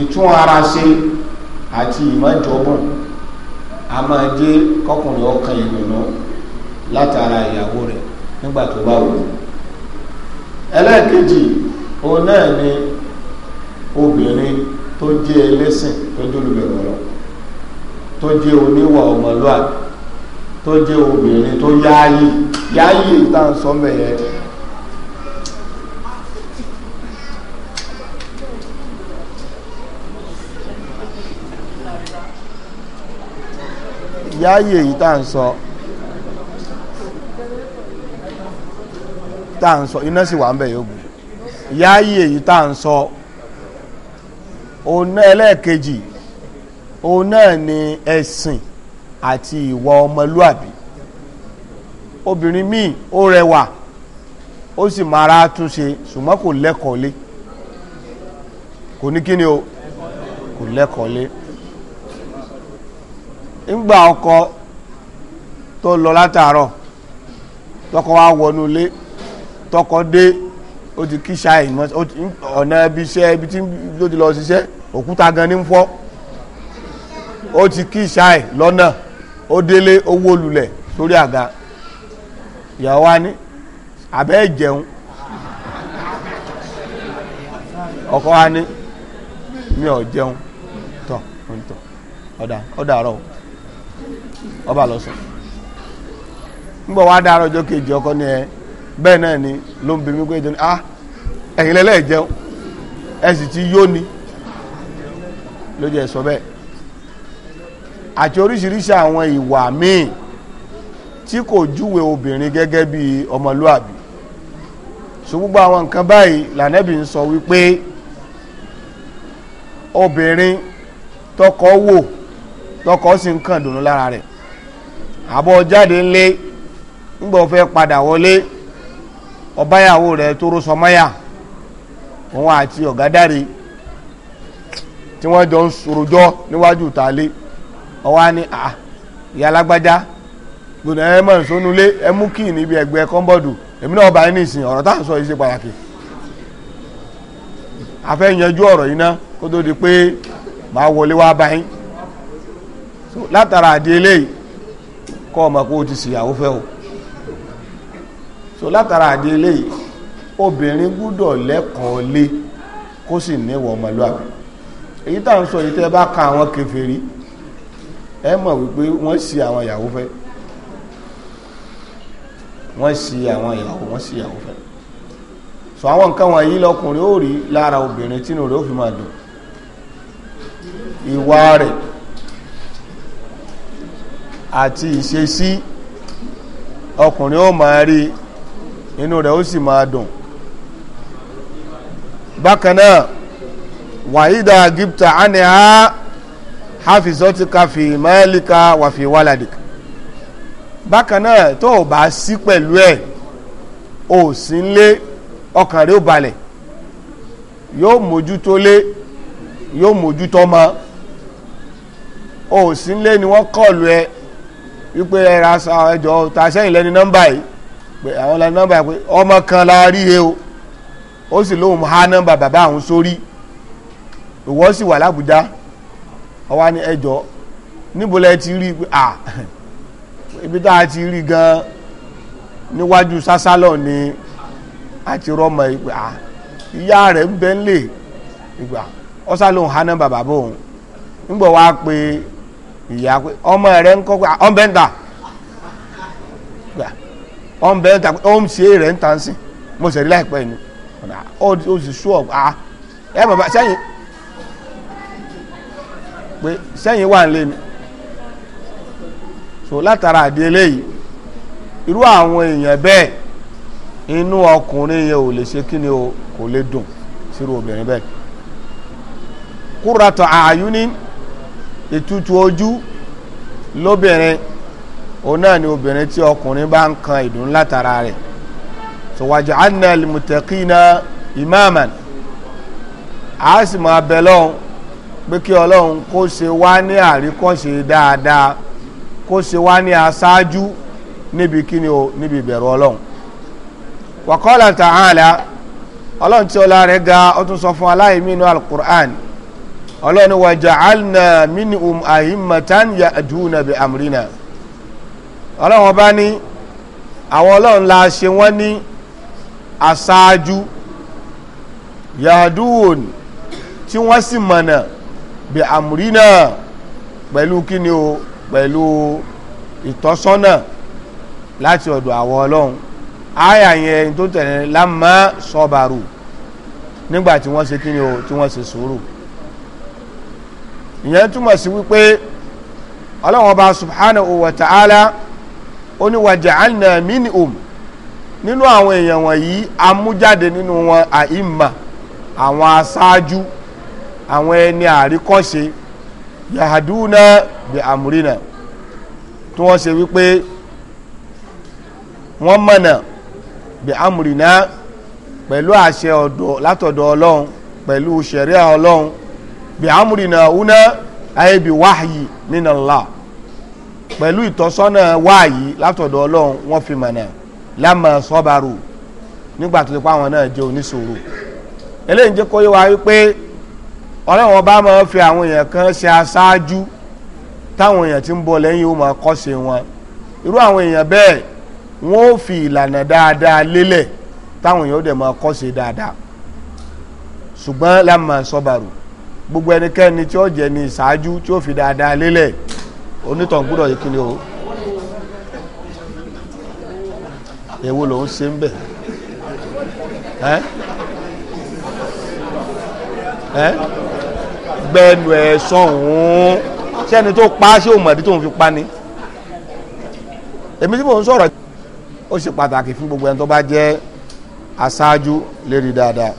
ìtún ara ṣe àti ìmọ̀jọ́bọ̀n a máa jẹ́ kọkùnrin ọkàn ìrìnà látara ìyàwó rẹ̀ nígbà tó bá wù ú ẹlẹ́ẹ̀kejì òun náà ni obìnrin tó jẹ́ ẹlẹ́sìn tó jẹ́ olùbẹ̀rọ̀ tó jẹ́ oníwà tó jẹ́ obìnrin tó yááyì yááyì tá à ń sọ mẹ́yẹ. yááyì èyí tá à ń sọ tá à ń sọ iná sì wà ń bẹ̀ yóò yááyì èyí tá à ń sọ òun náà ẹlẹ́ẹ̀kejì òun náà ni ẹ̀sìn àti ìwà ọmọlúàbí obìnrin míì ó rẹwà ó sì máa ra túnṣe ṣùgbọ́n kò lẹ́kọ̀ọ́ kò ní kí o kò lẹ́kọ̀ọ́ lé ńgbà ọkọ tó lọ látàárọ̀ tọkọ wa wọnú ilé tọkọ dé ó ti kíṣà ìmọ̀ ọ̀nà ibi iṣẹ́ ibi tí ó ti lọ ṣiṣẹ́ òkúta gan ní ń fọ́ ó ti kíṣà ẹ̀ lọ́nà. ó délé owó lulẹ̀ sórí àga ìyàwó wa ní àbẹ́ ìjẹun ọkọ wa ní mi ò jẹun tọ ń tọ ọba lọ sọ kejì ọkọ ni ẹ bẹ́ẹ̀ náà ni bi mí pé ah ti ló àti oríṣiríṣi àwọn ìwà míì tí kò júwe obìnrin gẹ́gẹ́ bí ọmọlúàbí so gbogbo àwọn nǹkan báyìí lànẹ́bì ń sọ wípé obìnrin tọkọ wò tọkọ sì ń kàn dùnú lára rẹ̀ àbọ̀ jáde ńlé ńgbọ́ fẹ́ padà wọlé ọbáyàwó rẹ̀ tóró sọmọ́yà òun àti ọ̀gádàrí tí wọ́n jọ ń sorojọ́ níwájú tàlé ọwọ́ ni ah ìyá alágbájá gbọdọ̀ ẹ mọ̀ nsọ́nulé ẹ mú kíì níbi ẹgbẹ́ kọ́ńbọ̀dù èmi náà bá yín nísìn ọ̀rọ̀ táà ń sọ yìí ṣe pàtàkì afẹ́ yanjú ọ̀rọ̀ yìí náà kó tó di pé màá wọlé wá bá yín látara àdí eléyìí kọ́ ọmọ kó o ti ṣìyàwó fẹ́ o so látara àdí eléyìí obìnrin gbúdọ̀ lẹ́kọ̀ọ́ lé kó sì níwọ̀ ọmọlúwàbí èyí tá sọ yìí tẹ́ bá ka àwọn kèfèrí ẹ mọ̀ wípé wọ́n sì àwọn ìyàwó fẹ́ wọ́n sì àwọn ìyàwó wọ́n sì ìyàwó fẹ́ so àwọn nǹkan wọ̀nyí lọkùnrin ó rí lára obìnrin tínú rẹ̀ ó fi máa dùn ìwà rẹ̀ àti ìṣesí ọkùnrin ó máa rí inú rẹ̀ ó sì máa dùn bákan náà wàhídà gíptà ánìhá hafizotika fi malika wà fi wàládìkà bákan náà tó o bá sí pẹ̀lú ẹ̀ o sì ń lé ọkàn rẹ̀ ó balẹ̀ yóò mójútó lé yóò mójútó mọ́ o sì ń lé ni wọ́n kọ̀lù ẹ wípé ẹ ra ẹjọ́ ta sẹ́yìn lẹ́ni nọ́mbà yìí pé àwọn lẹ́ni nọ́mbà yìí pé ọmọ kan la rí he o ó sì lóun ha nọ́mbà bàbá àwọn sórí ìwọ sì wà lábùdá. ọwá ní ẹjọ́ ti rí pé à ibi tá a ti rí gan níwájú sásálọ̀ ni a ti rọ́mọ ìpè à ìyá rẹ̀ ń bẹ́ ń lè ìgbà ọ̀sá ń haná bàbá bóun ńgbọ̀ wá pé ìyá pé ọmọ rẹ̀ ń kọ́ pé ọ̀nbẹ́ ń tà ọ̀nbẹ́ ń tà pé nta ṣe rẹ̀ ń tà ń sìn mo láìpẹ́ ni pé sẹ́yìn wà nílé mi so látara àdé eléyìí irú àwọn èèyàn bẹ́ẹ̀ inú ọkùnrin yẹn ò lè ṣe kí ni o kò lè dùn sírú obìnrin bẹ́ẹ̀ kúratọ̀ àyúní ìtutù ojú lóbìnrin òun náà ni obìnrin tí ọkùnrin bá ń kan ìdùn látara rẹ̀ so waj'alna lil muttaqina imaman a sì máa bẹ̀ pé kí ọlọ́run kó ṣe wá ní àríkọ́ṣe dáadáa kó ṣe wá ní aṣáájú níbi kíni o níbi ìbẹ̀rù ọlọ́run wa qala ta'ala ọlọ́run tí ọlá rẹ̀ ga ó tún sọ fún aláìmí inú alukur'an ọlọ́run wa ja'alna minhum a'immatan ya'duna bi amrina ọlọ́run ọba ní àwọn ọlọ́run la ṣe wọ́n ní aṣáájú ya'dun tí wọ́n sì mọ̀nà. Si bí àmúrí náà pẹ̀lú kíni o pẹ̀lú ìtọ́sọ́nà láti ọ̀dọ̀ àwọn ọlọ́run àyà yẹn tó tẹ̀lé lámà sọ́bàrù nígbà tí wọ́n ṣe kíni o tí wọ́n ṣe sùúrù ìyẹn túmọ̀ sí wípé ọlọ́run ọba subhanahu wa ta'ala ó ní wa ja'alna minhum nínú àwọn èèyàn wọ̀nyí amújáde nínú wọn àìmà àwọn aṣáájú àwọn ẹni àríkọ́ṣe yahaduna bi amurina tí wọ́n ṣe wípé wọ́n mọ̀nà bi amurina pẹ̀lú àṣẹ ọ̀dọ̀ látọ̀dọ̀ ọlọ́run pẹ̀lú ṣẹ̀ríà ọlọ́run bi amurina una ayé bi wáhàyí minallah pẹ̀lú ìtọ́sọ́nà wáàyí látọ̀dọ̀ ọlọ́run wọ́n fi mọ̀nà lámà sọ́bàrò nígbà tó ti pa àwọn náà jẹ́ oníṣòro eléyìí jẹ́ kó wípé ọlọ́wọ́n bá máa fi àwọn èèyàn kan ṣe aṣáájú táwọn èèyàn ti ń bọ lẹ́yìn ó máa kọ́ṣe wọn irú àwọn èèyàn bẹ́ẹ̀ wọ́n ó fi ìlànà dáadáa lélẹ̀ táwọn èèyàn ó dẹ̀ máa kọ́ṣe dáadáa ṣùgbọ́n gbogbo ẹnikẹ́ni tí ó jẹ́ ìṣáájú tí ó fi dáadáa lélẹ̀ gbẹnu ẹ̀ sọ̀hún sẹ́ni tó pa ṣé òun mọ̀dí tóun fi pa ni èmi tí mò ń sọ̀rọ̀ ó ṣe pàtàkì fún gbogbo ẹni tó bá jẹ́ aṣáájú lérí dáadáa.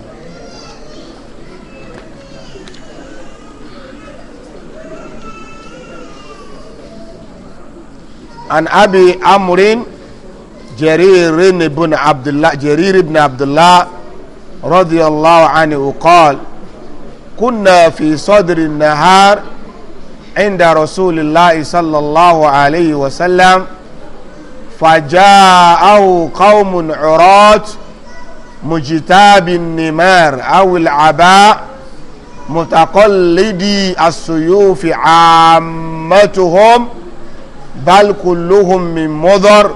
عن أبي عمرو جرير بن عبد الله جرير بن عبد الله رضي الله عنه قال كنا في صدر النهار عند رسول الله صلى الله عليه وسلم فجاءه قوم عراة مجتاب النمار أو العباء متقلدي السيوف عامتهم بل كلهم من مضر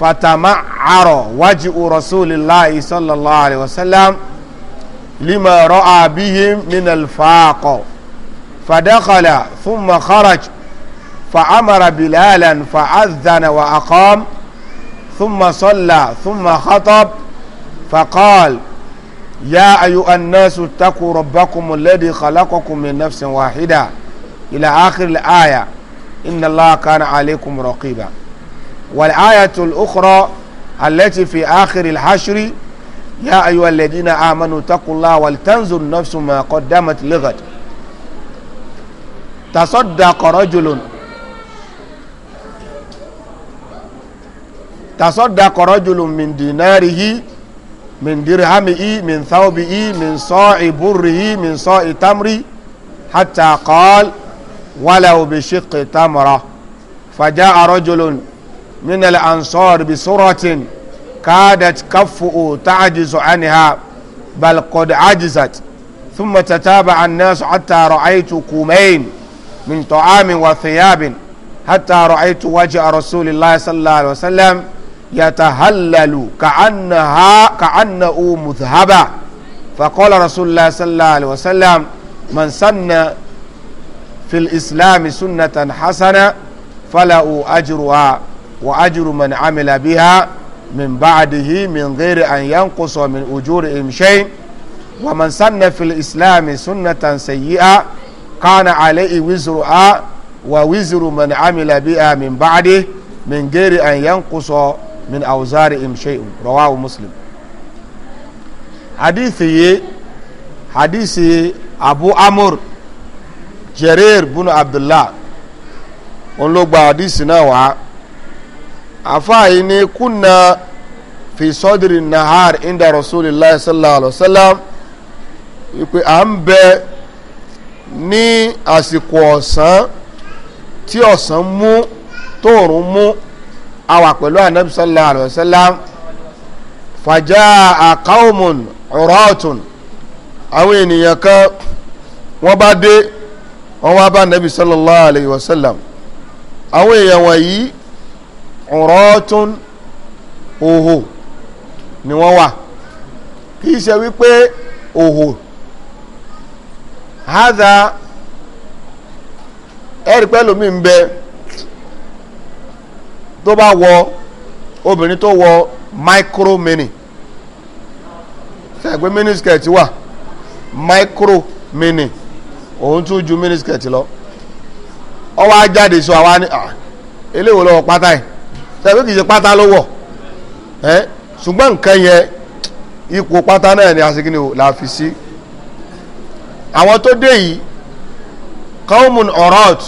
فتمعر وجه رسول الله صلى الله عليه وسلم لما رأى بهم من الفاق فدخل ثم خرج فأمر بلالا فأذن وأقام ثم صلى ثم خطب فقال يا أيها الناس اتقوا ربكم الذي خلقكم من نفس واحدة إلى آخر الآية إن الله كان عليكم رقيبا والآية الأخرى التي في آخر الحشر يا أيها الذين آمنوا اتقوا الله ولتنظر نفس ما قدمت لغد تصدق رجل تصدق رجل من ديناره من درهمه من ثوبه من صاع بره من صاع تمره حتى قال ولو بشق تمره فجاء رجل من الأنصار بسرعة كادت كفؤ تعجز عنها بل قد عجزت ثم تتابع الناس حتى رأيت كومين من طعام وثياب حتى رأيت وجه رسول الله صلى الله عليه وسلم يتهلل كأنها كأنه مذهبا فقال رسول الله صلى الله عليه وسلم من سن في الإسلام سنة حسنة فله أجرها وأجر من عمل بها من بعده من غير أن ينقص من أجورهم شيء ومن سن في الإسلام سنة سيئة كان عليه وزرها ووزر من عمل بها من بعده من غير أن ينقص من أوزارهم شيء رواه مسلم حديثي حديثي أبو أمر جرير بن عبد الله ولو حديثنا وعلى àfáàyí ni kúnna fi sọ́dìrì nahar inda rasulillah sallallahu alayhi wa sallam wípé à ń bẹ ní àsìkò ọ̀sán tí ọ̀sán mú tóòrùn mú a wà pẹ̀lú anabi sallallahu alayhi wa sallam fàjà àkàwọ̀mùn ọ̀rọ̀ọ̀tún àwọn ènìyàn kan wọ́n bá dé wọ́n wá bá anabi sallallahu alayhi wa sallam àwọn èèyàn wọ̀nyí ọ̀rọ̀tún òhò ni wọ́n wà kì í ṣe wípé òhò hadha ẹ̀rí pẹ́lú mi ń bẹ tó bá wọ obìnrin tó wọ micro mini ṣàgbé mini skirt wà micro mini òun tún ju mini skirt lọ ó wá jáde sọ àwa ní eléwo lọ́wọ́ pátá yìí sẹ́fẹ́ kìí ṣe pátá ló wọ̀ ẹ́ ṣùgbọ́n nǹkan yẹn ipò pátá náà ni asigini ò la fi sí àwọn tó dé yìí kaumun orot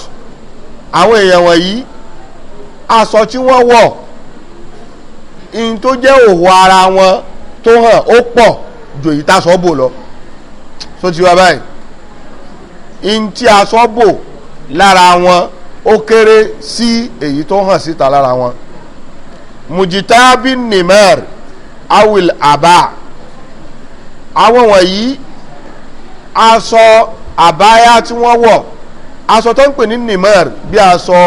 àwọn èèyàn wọ̀nyí aṣọ tí wọ́n wọ̀ in tó jẹ́ òwò ara wọn tó hàn ó pọ̀ ju èyí tá a sọ bò lọ so ti wá báyìí in tí a sọ bò lára wọn ó kéré sí èyí tó hàn síta lára wọn mujitabi nimer awil aba àwọn wọ̀nyí aṣọ àbáyá tí wọ́n wọ̀ aṣọ tó ń pè ní nimar bí aṣọ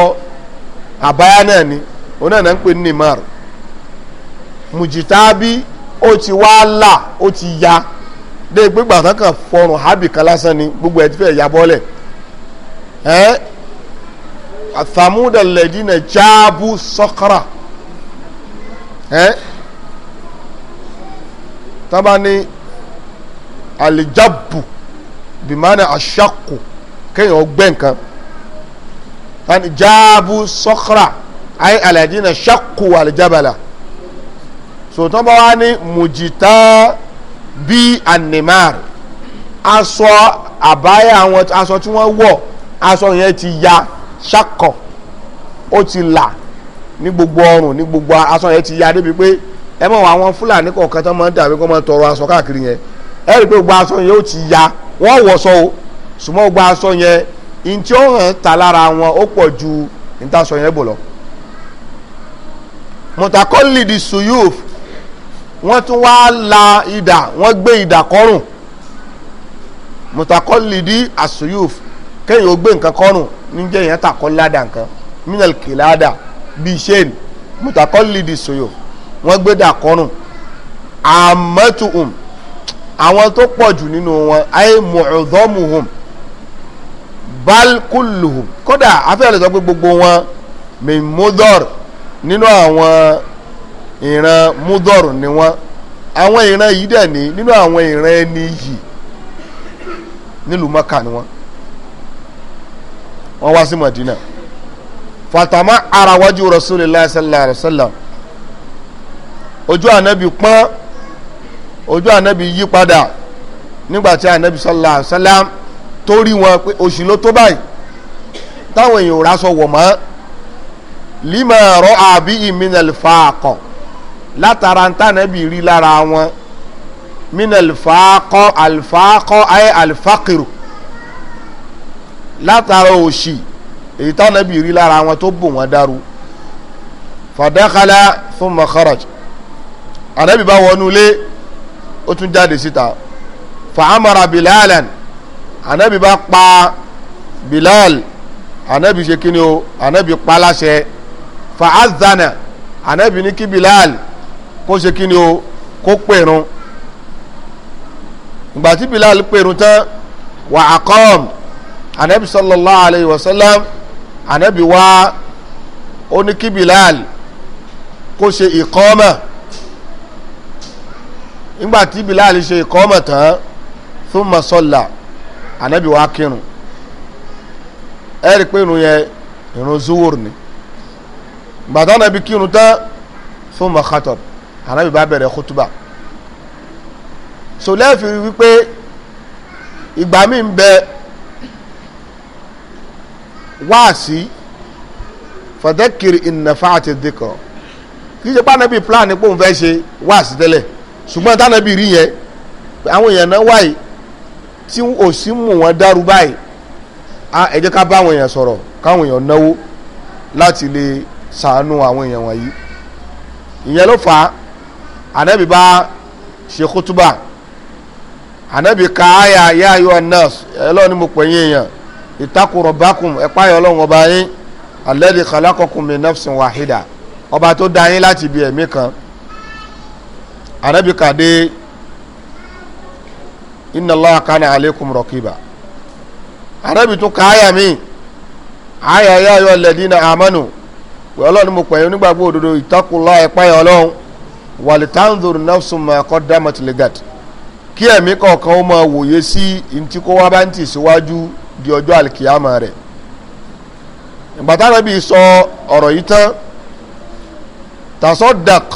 àbáyá náà ni òun náà ń pè ní nimar mujitabi ó ti wá là ó ti ya dé gbígbà tán kàn fọrùn hábì kan lásán ni gbogbo ẹ ti fẹ́ ya bọ́lẹ̀ ẹ́ eh? àtàmúdàlẹ́dínà jáàbù sọ́kàrà. So ẹ́ tábà ní àlìjábù bìmánà àṣàkù kéèyàn gbẹ́ nǹkan tani jaabu sọ́kra ayé alàdínà ṣàkù àlìjábàlà sòtọ́ bá wá ní mùjìtá bíi animar aṣọ àbáyé àwọn aṣọ tí wọ́n wọ̀ aṣọ ti ya ṣàkọ̀ ó ti là ní gbogbo ọrùn ní gbogbo aṣọ yẹn ti ya débi pé ẹ mọ̀ wọ́n àwọn fúlàní kọ̀ọ̀kan tó máa ń dàbí kó máa tọrọ aṣọ káàkiri yẹn ẹ rí i pé gbogbo aṣọ yẹn ó ti ya wọ́n wọ̀ sọ o sùmọ́ gbogbo aṣọ yẹn ntí ó hàn ta lára wọn ó pọ̀ ju ntaṣọ yẹn bò lọ. mọ̀tàkọ́lì di suyuf wọ́n tún wá la idà wọ́n gbé idà kọ́rùn mọ̀tàkọ́lì di asuyuf kéèyàn ó gbé nǹkan kọ́rùn níjẹ́ yẹn tàkọ́ ládàá nǹkan mínàlì kìláàdà bíi shane mutakọ́lìdì soyo wọ́n gbé dàkọ́rùn àmọ́tùhùn àwọn tó pọ̀ jù nínú wọn ayé mọ̀ọ́dọ́mùhùn balkuluhùn kódà afẹ́rẹ́ sọ pé gbogbo wọn mimudor nínú àwọn ìran mudor ni wọn àwọn ìran yìí dẹ̀ ní nínú àwọn ìran ẹni yìí nílùú mọ́kà ni wọn wọ́n wá sí Madina. Si fatama arawaju rasulillah sallallahu alaihi wa sallam ojú anabi pọ́n ojú anabi yí padà nígbàtí anabi sallallahu alaihi wa sallam torí wọn pé oṣù ló tó báyìí táwọn èèyàn ò ráṣọ wọ̀ mọ́ lima rọ àbí ìmínàlì fàákọ̀ látara ń rí lára wọn mínàlì fàákọ̀ àlìfàákọ̀ ayé àlìfàkìrù látara òṣì èyí tánàbí rí lára wọn tó bò wọn dàrú fàdákàlá fún makaraj ànábì bá wọnú ilé ó tún jáde síta fàámàrà bilalan ànábì bá pa bilal ànábì ṣe kíni o ànábì pa láṣẹ fàázànà ànábì ní kí bilal kó ṣe kíni o kó pèrún ìgbà tí bilal pèrún tán wà á kọ́ ànábì sallallahu alayhi wa sallam ànábì wá ó ní kí Bilal kó ṣe ìkọ́mọ̀ nígbà tí Bilal ṣe ìkọ́mọ̀ tán thumma salla ànábì wá kírun ẹ rí i pé irun yẹn irun zuwur ni gbàtà ànábì kírun tán thumma khatab ànábì bá bẹ̀rẹ̀ khutuba so lẹ́ẹ̀fì wípé ìgbà mi ń bẹ́ẹ̀ waasi fadakiri ìnàfàtì dìkọ̀ kì í ṣe pàànàbí plan pò ń fẹ́ ṣe wáàsí tẹ́lẹ̀ ṣùgbọ́n tànàbí rí yẹn àwọn èèyàn náà wáyé tí ò sí mú wọn dàrú báyìí ẹ jẹ́ ká bá àwọn èèyàn sọ̀rọ̀ káwọn èèyàn náwó láti lè sàánú àwọn èèyàn wọ̀nyí ìyẹn ló fà á ànábì bá ṣe kútúbà ànábì ká àyà yá yọ nọ́ọ̀sì ni mo pè yín èèyàn ìtakùrọ̀ bákùn ẹ̀pá yọ ọlọ́run ọba yín alẹ́dì kàlákọ̀kùn mi nafsin wàhídà ọba tó dá yín láti ibi ẹ̀mí kan arábìkà dé inna Allaha kana alaykum raqiba arábì tún ká àyà mi àyà yá yọ alladina amanu wẹ́ ọlọ́run mo pẹ̀yìn onígbàgbọ́ òdodo ìtakùlọ́ ẹ̀pá yọ ọlọ́run wàlítàǹdùrù nafsun ma qaddamat ligat kí ẹ̀mí kọ̀ọ̀kan ó máa wòye sí ntí kó wá bá ń tì síwájú. Si di ọjọ́ alikiyama rẹ̀ ìgbà sọ ọ̀rọ̀ yìí tán tasodak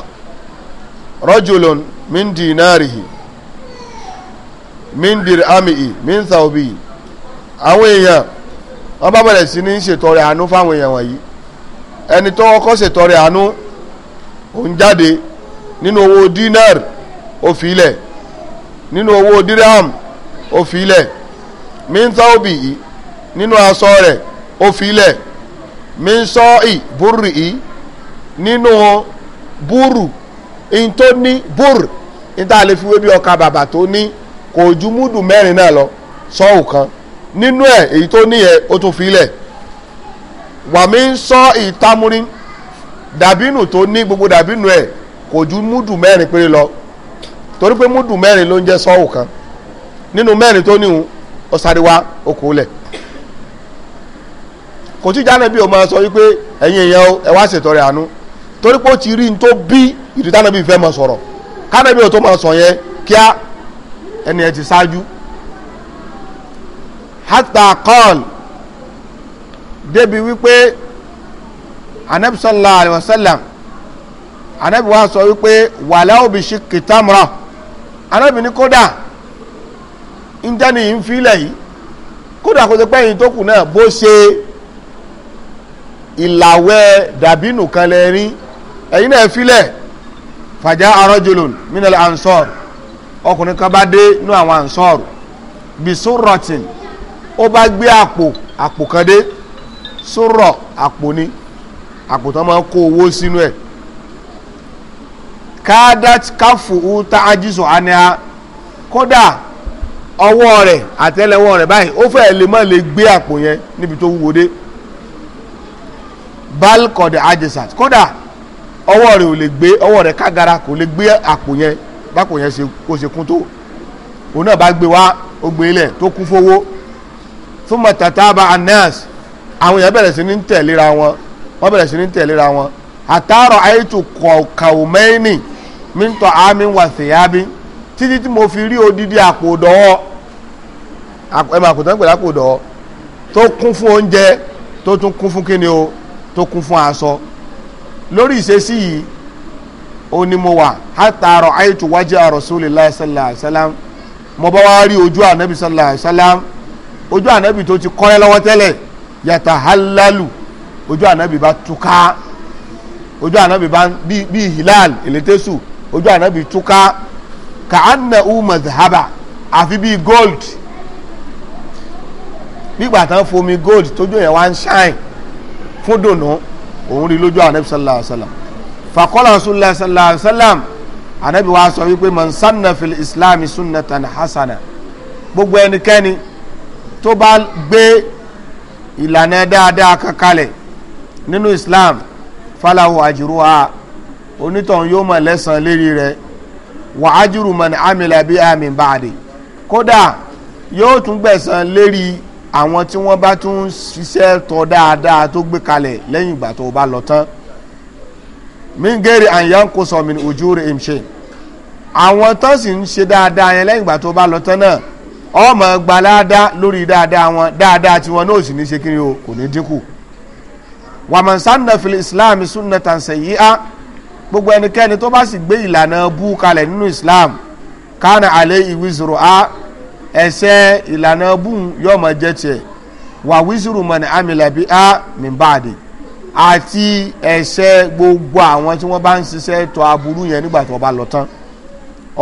rojulon min dinarihi min dirhamihi min thawbihi àwọn èèyàn wọ́n bá bẹ̀rẹ̀ sí ní ṣètọrẹ àánú fáwọn èèyàn wọ̀nyí ẹni tó kọ́kọ́ ṣètọrẹ àánú òun jáde nínú owó dinar ó fi ilẹ̀ nínú owó dirham ó mintaobi yìí nínú aṣọ rẹ̀ ó filẹ̀ i buru i nínú búrú in tó ní búrú in tá a lè fi wé bí ọkà bàbà tó ní kò ju múdù mẹ́rin náà lọ sọ́ọ̀ kan nínú ẹ̀ èyí tó ní yẹn ó tún filẹ̀ wàmí ń sọ ìtamurin dàbínù tó ní gbogbo dàbínù ẹ̀ kò ju múdù mẹ́rin péré lọ torí pé múdù mẹ́rin ló ń jẹ́ sọ́ọ̀ kan nínú mẹ́rin tó níhun ó sáré wá okò lẹ̀ kò tí jánàbí ò máa sọ wípé ẹ̀yin èèyàn o ẹ wá ṣètọrẹ àánú torí pé ó ti rí n tó bí ìdítánàbí fẹ́ máa sọ̀rọ̀ kánàbí ò tó máa sọ yẹn kíá ẹni ẹ ti ṣáájú hatta qal débi wípé anabi sallallahu alayhi wa sallam anabi wa sọ wípé wàlẹ́ òbí ṣe kìtàmùrà anabi ní kódà njẹ́ ni yìí ń filẹ̀ yìí kódà kó ṣe pé ẹ̀yìn tó kù náà bó ṣe ìlàwẹ́ dàbínù kan lẹ rí ẹ̀yìn náà filẹ̀ fàjà arọ́jọlòn minal ansor ọkùnrin kan bá dé nú àwọn ansor bisu rotin ó bá gbé àpò àpò kan dé sórọ̀ àpò ni àpò tó máa ń kó owó sínú ẹ̀ káádá káfù tá a jísọ̀ kódà ọwọ́ rẹ̀ àtẹ́lẹwọ́ rẹ̀ báyìí ó fẹ́ lè má lè gbé àpò yẹn níbi tó wúwo dé balkod ajisat kódà ọwọ́ rẹ̀ ò lè gbé ọwọ́ rẹ̀ kágara kò lè gbé àpò yẹn bápò yẹn kò ṣe kún tó òun náà bá gbé wá ó gbé lẹ̀ tó kún fowó thumma tataba anas àwọn èèyàn bẹ̀rẹ̀ sí ní tẹ̀léra wọn wọ́n bẹ̀rẹ̀ sí ní tẹ̀léra wọn àtàrọ̀ àyètò kàwọ́mẹ́ni mi ń tọ́ àmì wà fìyàbí títí tí mo fi rí odidi àpò dọ́wọ́ ẹmọ àkùtàn pẹ̀lú àkùdọ̀ tó kún fún oúnjẹ tó tún kún fún kíni o tó kún fún aṣọ lórí ìṣesí yìí ó ní mo wà hatta ra'aytu wajha rasulillahi sallallahu alaihi wasallam mo bá wá rí ojú ànábì sallallahu alaihi wasallam ojú ànábì tó ti kọ́rẹ́ lọ́wọ́ tẹ́lẹ̀ yatahallalu ojú ànábì bá túká ojú ànábì bá bí hilal elétésù ojú ànábì túká ka'annahu madhhaba àfi bíi gold gbígbà tán fomi gold tójú yẹn wá ń ṣáìn fún dùnú òun rí lójú anabi sallallahu alayhi wa sallam fakọ́lá rasulillah sallallahu alayhi wa sallam anabi wa sọ wípé man sanna fil islam sunnatan hasana gbogbo ẹnikẹ́ni tó bá gbé ìlànà dáadáa kankalẹ̀ nínú islam falahu ajuruha onítọ̀hún yóò mọ̀ lẹ́sàn lérí rẹ̀ wà ájúrù man amila biha min ba'di kódà yóò tún gbẹ̀sán lérí àwọn tí wọ́n bá tún ṣiṣẹ́ tọ́ dáadáa tó gbé kalẹ̀ lẹ́yìn ìgbà tó bá lọ tán mingeri anyankoso min ojúure imse àwọn tán sì ń ṣe dáadáa yẹn lẹ́yìn ìgbà tó bá lọ tán náà ọmọ gbalada lórí dáadáa wọn dáadáa tí wọn náà sì ní ṣe kiri o kò ní dínkù wàmọ̀nsánná fìlẹ̀ islam sunna tàǹsẹ̀ yìí á gbogbo ẹnikẹ́ni tó bá sì gbé ìlànà bú kalẹ̀ nínú islam kánà alẹ́ ìwé zoro á ẹsẹ ìlànà bùn yóò máa jẹ tiẹ̀ wà wíṣírù mọ̀nà amìlẹ̀bí á mìbáàdì àti ẹsẹ gbogbo àwọn tí wọ́n bá ń ṣiṣẹ́ tọ́ aburú yẹn nígbà tó bá lọ tán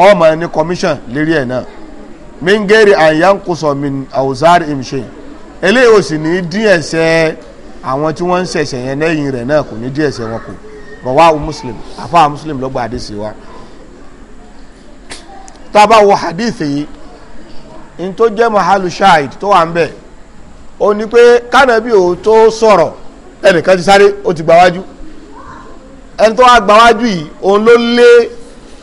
ọmọ ní commission lérí ẹ̀ náà mingeri àyànkùsọ̀ min awuzari imṣe eléyìí ò sì ní dín ẹsẹ àwọn tí wọ́n ń ṣẹ̀ṣẹ̀ yẹn lẹ́yìn rẹ̀ náà kò ní dín ẹsẹ wọn kù rọwáhu muslim àfáà muslim ló gba wa tá a hadith yìí n tó jẹ́ mahalu shahid tó wà ń bẹ̀ ó ní pé kánàbí ò tó sọ̀rọ̀ ẹnìkan ti sáré ó ti gbáwájú ẹni tó wá gbáwájú yìí òun ló lé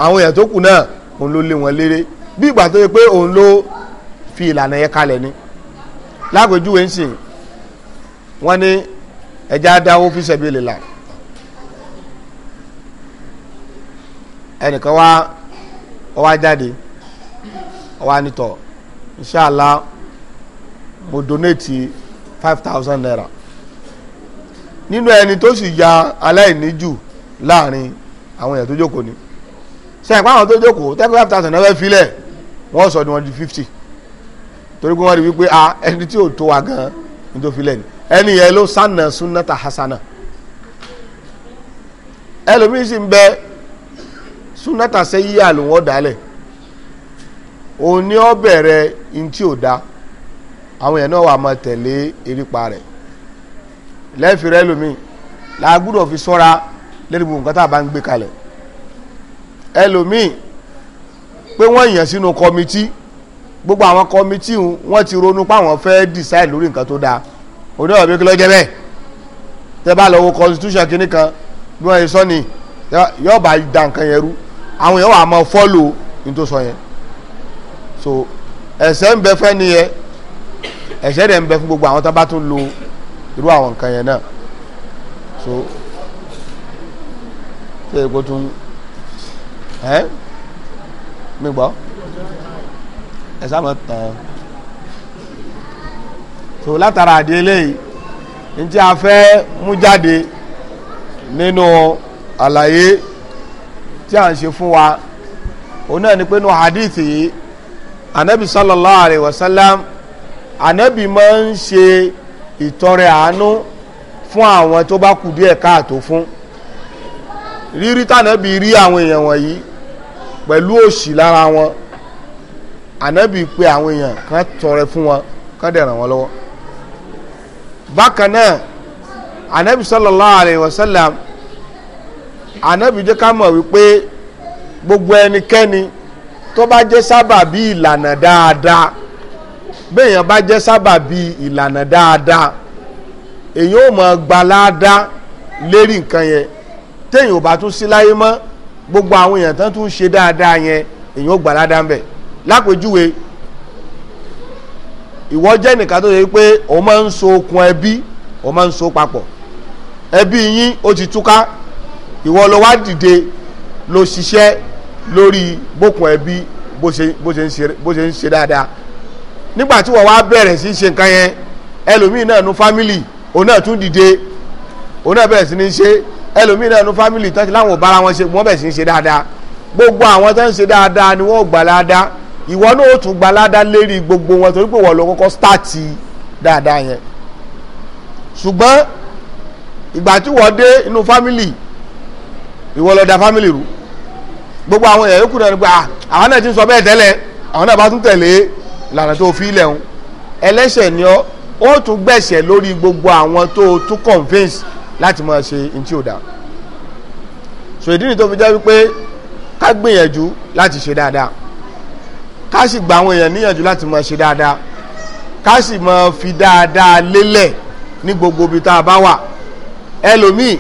àwọn èèyàn tó kù náà òun ló lé wọn léré bí ìgbà tó yẹ pé òun ló fi ìlànà yẹn kalẹ̀ ni lágbèjúwe ń sìn wọ́n ní ẹja dáwó fi sabilillah ẹnìkan wá ó jáde ó wá inshallah mo donate five thousand naira nínú ẹni tó sì ya aláìní jù láàrin àwọn èèyàn tó jókòó ni sẹ́yìn pa àwọn tó jókòó tẹ́kọ̀ five thousand náírà filẹ̀ wọ́n sọ ni wọ́n di fifty torí pé wọ́n rí wípé a ah, ẹni tí ò tó wa gan ni tó filẹ̀ ni ẹni yẹn ló sànà sunnata hasana ẹlòmíín sì ń bẹ sunnata sẹ́yíyà ló wọ́n òun ni ó bẹ̀rẹ̀ in tí ò da àwọn èèyàn náà wà máa tẹ̀lé erípa rẹ̀ lẹ́ẹ̀fì rẹ lómi la gbúdọ̀ fi sọ́ra lórí gbogbo nǹkan tá a bá ń gbé kalẹ̀ ẹlòmíì pé wọ́n yàn sínú kọmití gbogbo àwọn kọmití wọ́n ti ronú páwọn fẹ́ decide lórí nǹkan tó dáa òun náà wà bí kí ló jẹ́ bẹ́ẹ̀ tẹ́ bá lọ wo constitution kìíní kan bí wọ́n yẹ sọ ni yọ̀ọ́ bá da nǹkan yẹn rú àwọn èèyàn wà máa follow ní tó sọ yẹn so ẹ̀ṣẹ̀ ń bẹ fẹ́ ni yẹ ẹ̀ṣẹ̀ dẹ̀ ń bẹ fún gbogbo àwọn tó bá tún lo irú àwọn nǹkan yẹn náà so ṣe èkó tún ẹ́ mi gbọ́ ẹ̀ sáà mọ̀ so látara àdé eléyìí ntí a fẹ́ mú jáde nínú àlàyé tí a ń ṣe fún wa òun náà ni pé nínú hadith yìí anabi sallallahu alayhi wa sallam anabi máa ń ṣe ìtọrẹ àánú fún àwọn tó bá kù díẹ̀ káàtó fún rírí tànàbí rí àwọn èèyàn wọ̀nyí pẹ̀lú òṣì lára wọn anabi pé àwọn èèyàn kan tọrẹ fún wọn kan dẹ̀ ràn wọ́n lọ́wọ́ bákan náà anabi sallallahu alayhi wa sallam anabi jẹ́ ká mọ̀ wípé gbogbo ẹnikẹ́ni tó bá jẹ́ sábàbí ìlànà dáadáa béèyàn bá jẹ́ sábàbí ìlànà dáadáa èyàn ò mọ̀ gbalada lérí nǹkan yẹn téèyàn ò bá tún sí láyé mọ́ gbogbo àwọn èèyàn tán tún ṣe dáadáa yẹn èyàn ò gbalada ń lápèjúwe ìwọ jẹ́ nìkan tó yẹ pé òun máa ń so okùn ẹbí òun máa ń so papọ̀ ẹbí yín ó ti túká ìwọ ló wá dìde ló ṣiṣẹ́ lórí bókun ẹbí bó ṣe ń ṣe dáadáa nígbà tí wọ́n wá bẹ̀rẹ̀ sí ṣe nǹkan yẹn ẹlòmíì náà nu fámìlì òun náà tún dìde òun náà bẹ̀rẹ̀ sí ní ṣe ẹlòmíì náà nu fámìlì tó ti láwọn ò bára wọn ṣe wọ́n bẹ̀rẹ̀ sí ní ṣe dáadáa gbogbo àwọn tó ń ṣe dáadáa ni wọ́n gbà ládá ìwọ náà ó tún gbà ládá lérí gbogbo wọn torí pé wọ́n lọ kọ́kọ́ stáàtì dáadáa yẹn ṣùgbọ́n ìgbà tí wọ́n dé inú fámìlì ìwọ lọ da fámìlì rú gbogbo àwọn èèyàn yòókù náà ni pé ah, àwọn náà ti ń sọ bẹ́ẹ̀ tẹ́lẹ̀ àwọn náà bá tún tẹ̀lé ìlànà tó fi ilẹ̀ ń ẹlẹ́ṣẹ̀ ni ọ́ ó tún gbẹ̀ṣẹ̀ lórí gbogbo àwọn tó tún convince láti máa ṣe ní ò dáa so ìdí nìyí tó fi jẹ́ wípé ká gbìyànjú láti ṣe dáadáa ká sì gba àwọn èèyàn níyànjú láti máa ṣe dáadáa ká sì máa fi dáadáa lélẹ̀ ní gbogbo ibi tá a bá wà ẹlòmíì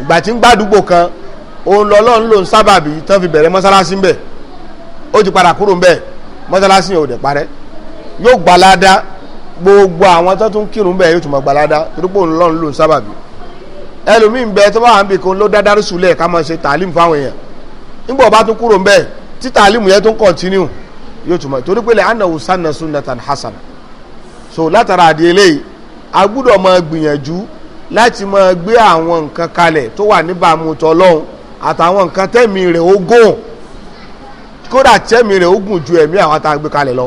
ìgbà tí ń gbàdúgbò kan òun lọ́lọ́run ló ń sábàbí tán fi bẹ̀rẹ̀ mọ́sálásí ń bẹ̀ ó ti padà kúrò ń bẹ̀ gbalada gbogbo àwọn tó tún kírun bẹ̀ yóò gbalada torí òun lọ́run ló sábàbí ẹlòmíín bẹ tó bá wà ń bì kan ló dá dárí sùlẹ̀ ká máa ṣe tàlímù fáwọn èèyàn nígbà bá tún kúrò ń bẹ̀ tí tàlímù yẹn àtàwọn nǹkan tẹ́mi rẹ̀ ogún kódà tẹ́mi rẹ̀ ogún ju ẹ̀mí àwọn tá a gbé kalẹ̀ lọ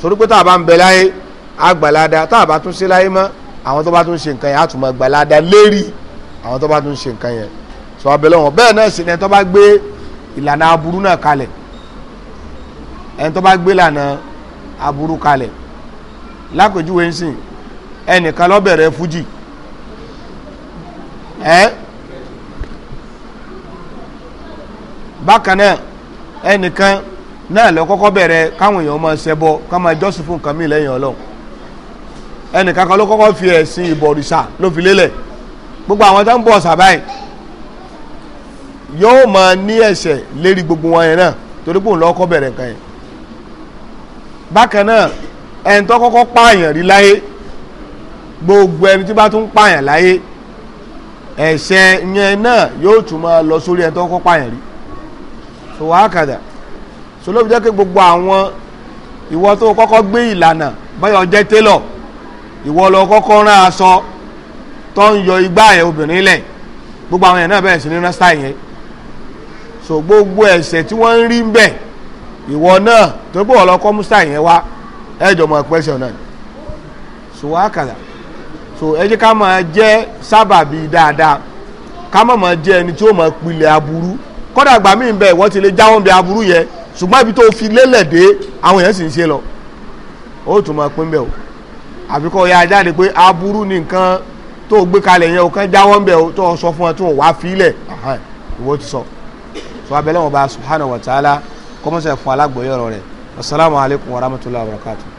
torí pé tá a ń bẹ láyé àgbàládá tá a bá tún ṣe láyé mọ́ àwọn tó bá tún ṣe nǹkan yẹn á tún mọ àgbàládá lérí àwọn tó bá tún ṣe nǹkan yẹn sọ abẹ́lẹ́ wọn bẹ́ẹ̀ náà sì ni ẹni tó bá gbé ìlànà aburú náà kalẹ̀ ẹni tó bá gbé ìlànà aburú kalẹ̀ lápèjúwe ń sìn ẹnìkan ló fújì ẹ́ eh? bákan náà ẹnìkan náà lọ kọ́kọ́ bẹ̀rẹ̀ káwọn èèyàn máa ṣẹbọ ká máa jọ́sìn fún nǹkan mí lẹ́yìn ọlọ́run ẹnìkan kan ló kọ́kọ́ fi ẹ̀sìn ìbọ̀rìṣà ló fi lélẹ̀ gbogbo àwọn tó ń bọ̀ sàbáyì yóò máa ní ẹ̀ṣẹ̀ lérí gbogbo wọn yẹn náà torí pé òun lọ kọ́ bẹ̀rẹ̀ nǹkan yẹn bákan náà ẹni tó kọ́kọ́ pààyàn rí láyé gbogbo ẹni tí bá tún pààyàn láyé ẹ̀ṣẹ̀ yẹn náà yóò tún máa lọ sórí ẹni tó kọ́kọ́ pààyàn rí so wákàdà so jẹ́ pé gbogbo àwọn ìwọ tó kọ́kọ́ gbé ìlànà báyọ̀ jẹ́ télọ̀ ìwọ lọ kọ́kọ́ rán aṣọ tó ń yọ igbá obìnrin lẹ̀ gbogbo àwọn yẹn náà bẹ̀rẹ̀ sí ní rán so gbogbo ese tí wọ́n ń rí ń bẹ̀ ìwọ náà tó gbọ́ yẹn wá ẹ̀jọ̀ mọ̀ pẹ́sẹ̀ wákàdà ká máa jẹ́ sábàbí dáadáa kọ́dà àgbà míì bẹ́ẹ̀ wọ́n ti lè jáwọ́ bí aburú yẹn ṣùgbọ́n ibi tó fi lélẹ̀ dé àwọn èèyàn sì ń ṣe lọ ó tún máa pín bẹ́ẹ̀ o àfi ya jáde pé aburú ni nǹkan tó gbé kalẹ̀ yẹn o kàn jáwọ́ ń bẹ̀ o tó sọ fún ẹ tó wàá fi lẹ̀ ìwọ ti sọ sọ abẹ́lẹ́ bá subhanahu wa ta'ala kọ́mọ́sẹ̀ fún alágbèéyọ̀rọ̀ rẹ̀ assalamu alaikum warahmatullahi wabarakatuh.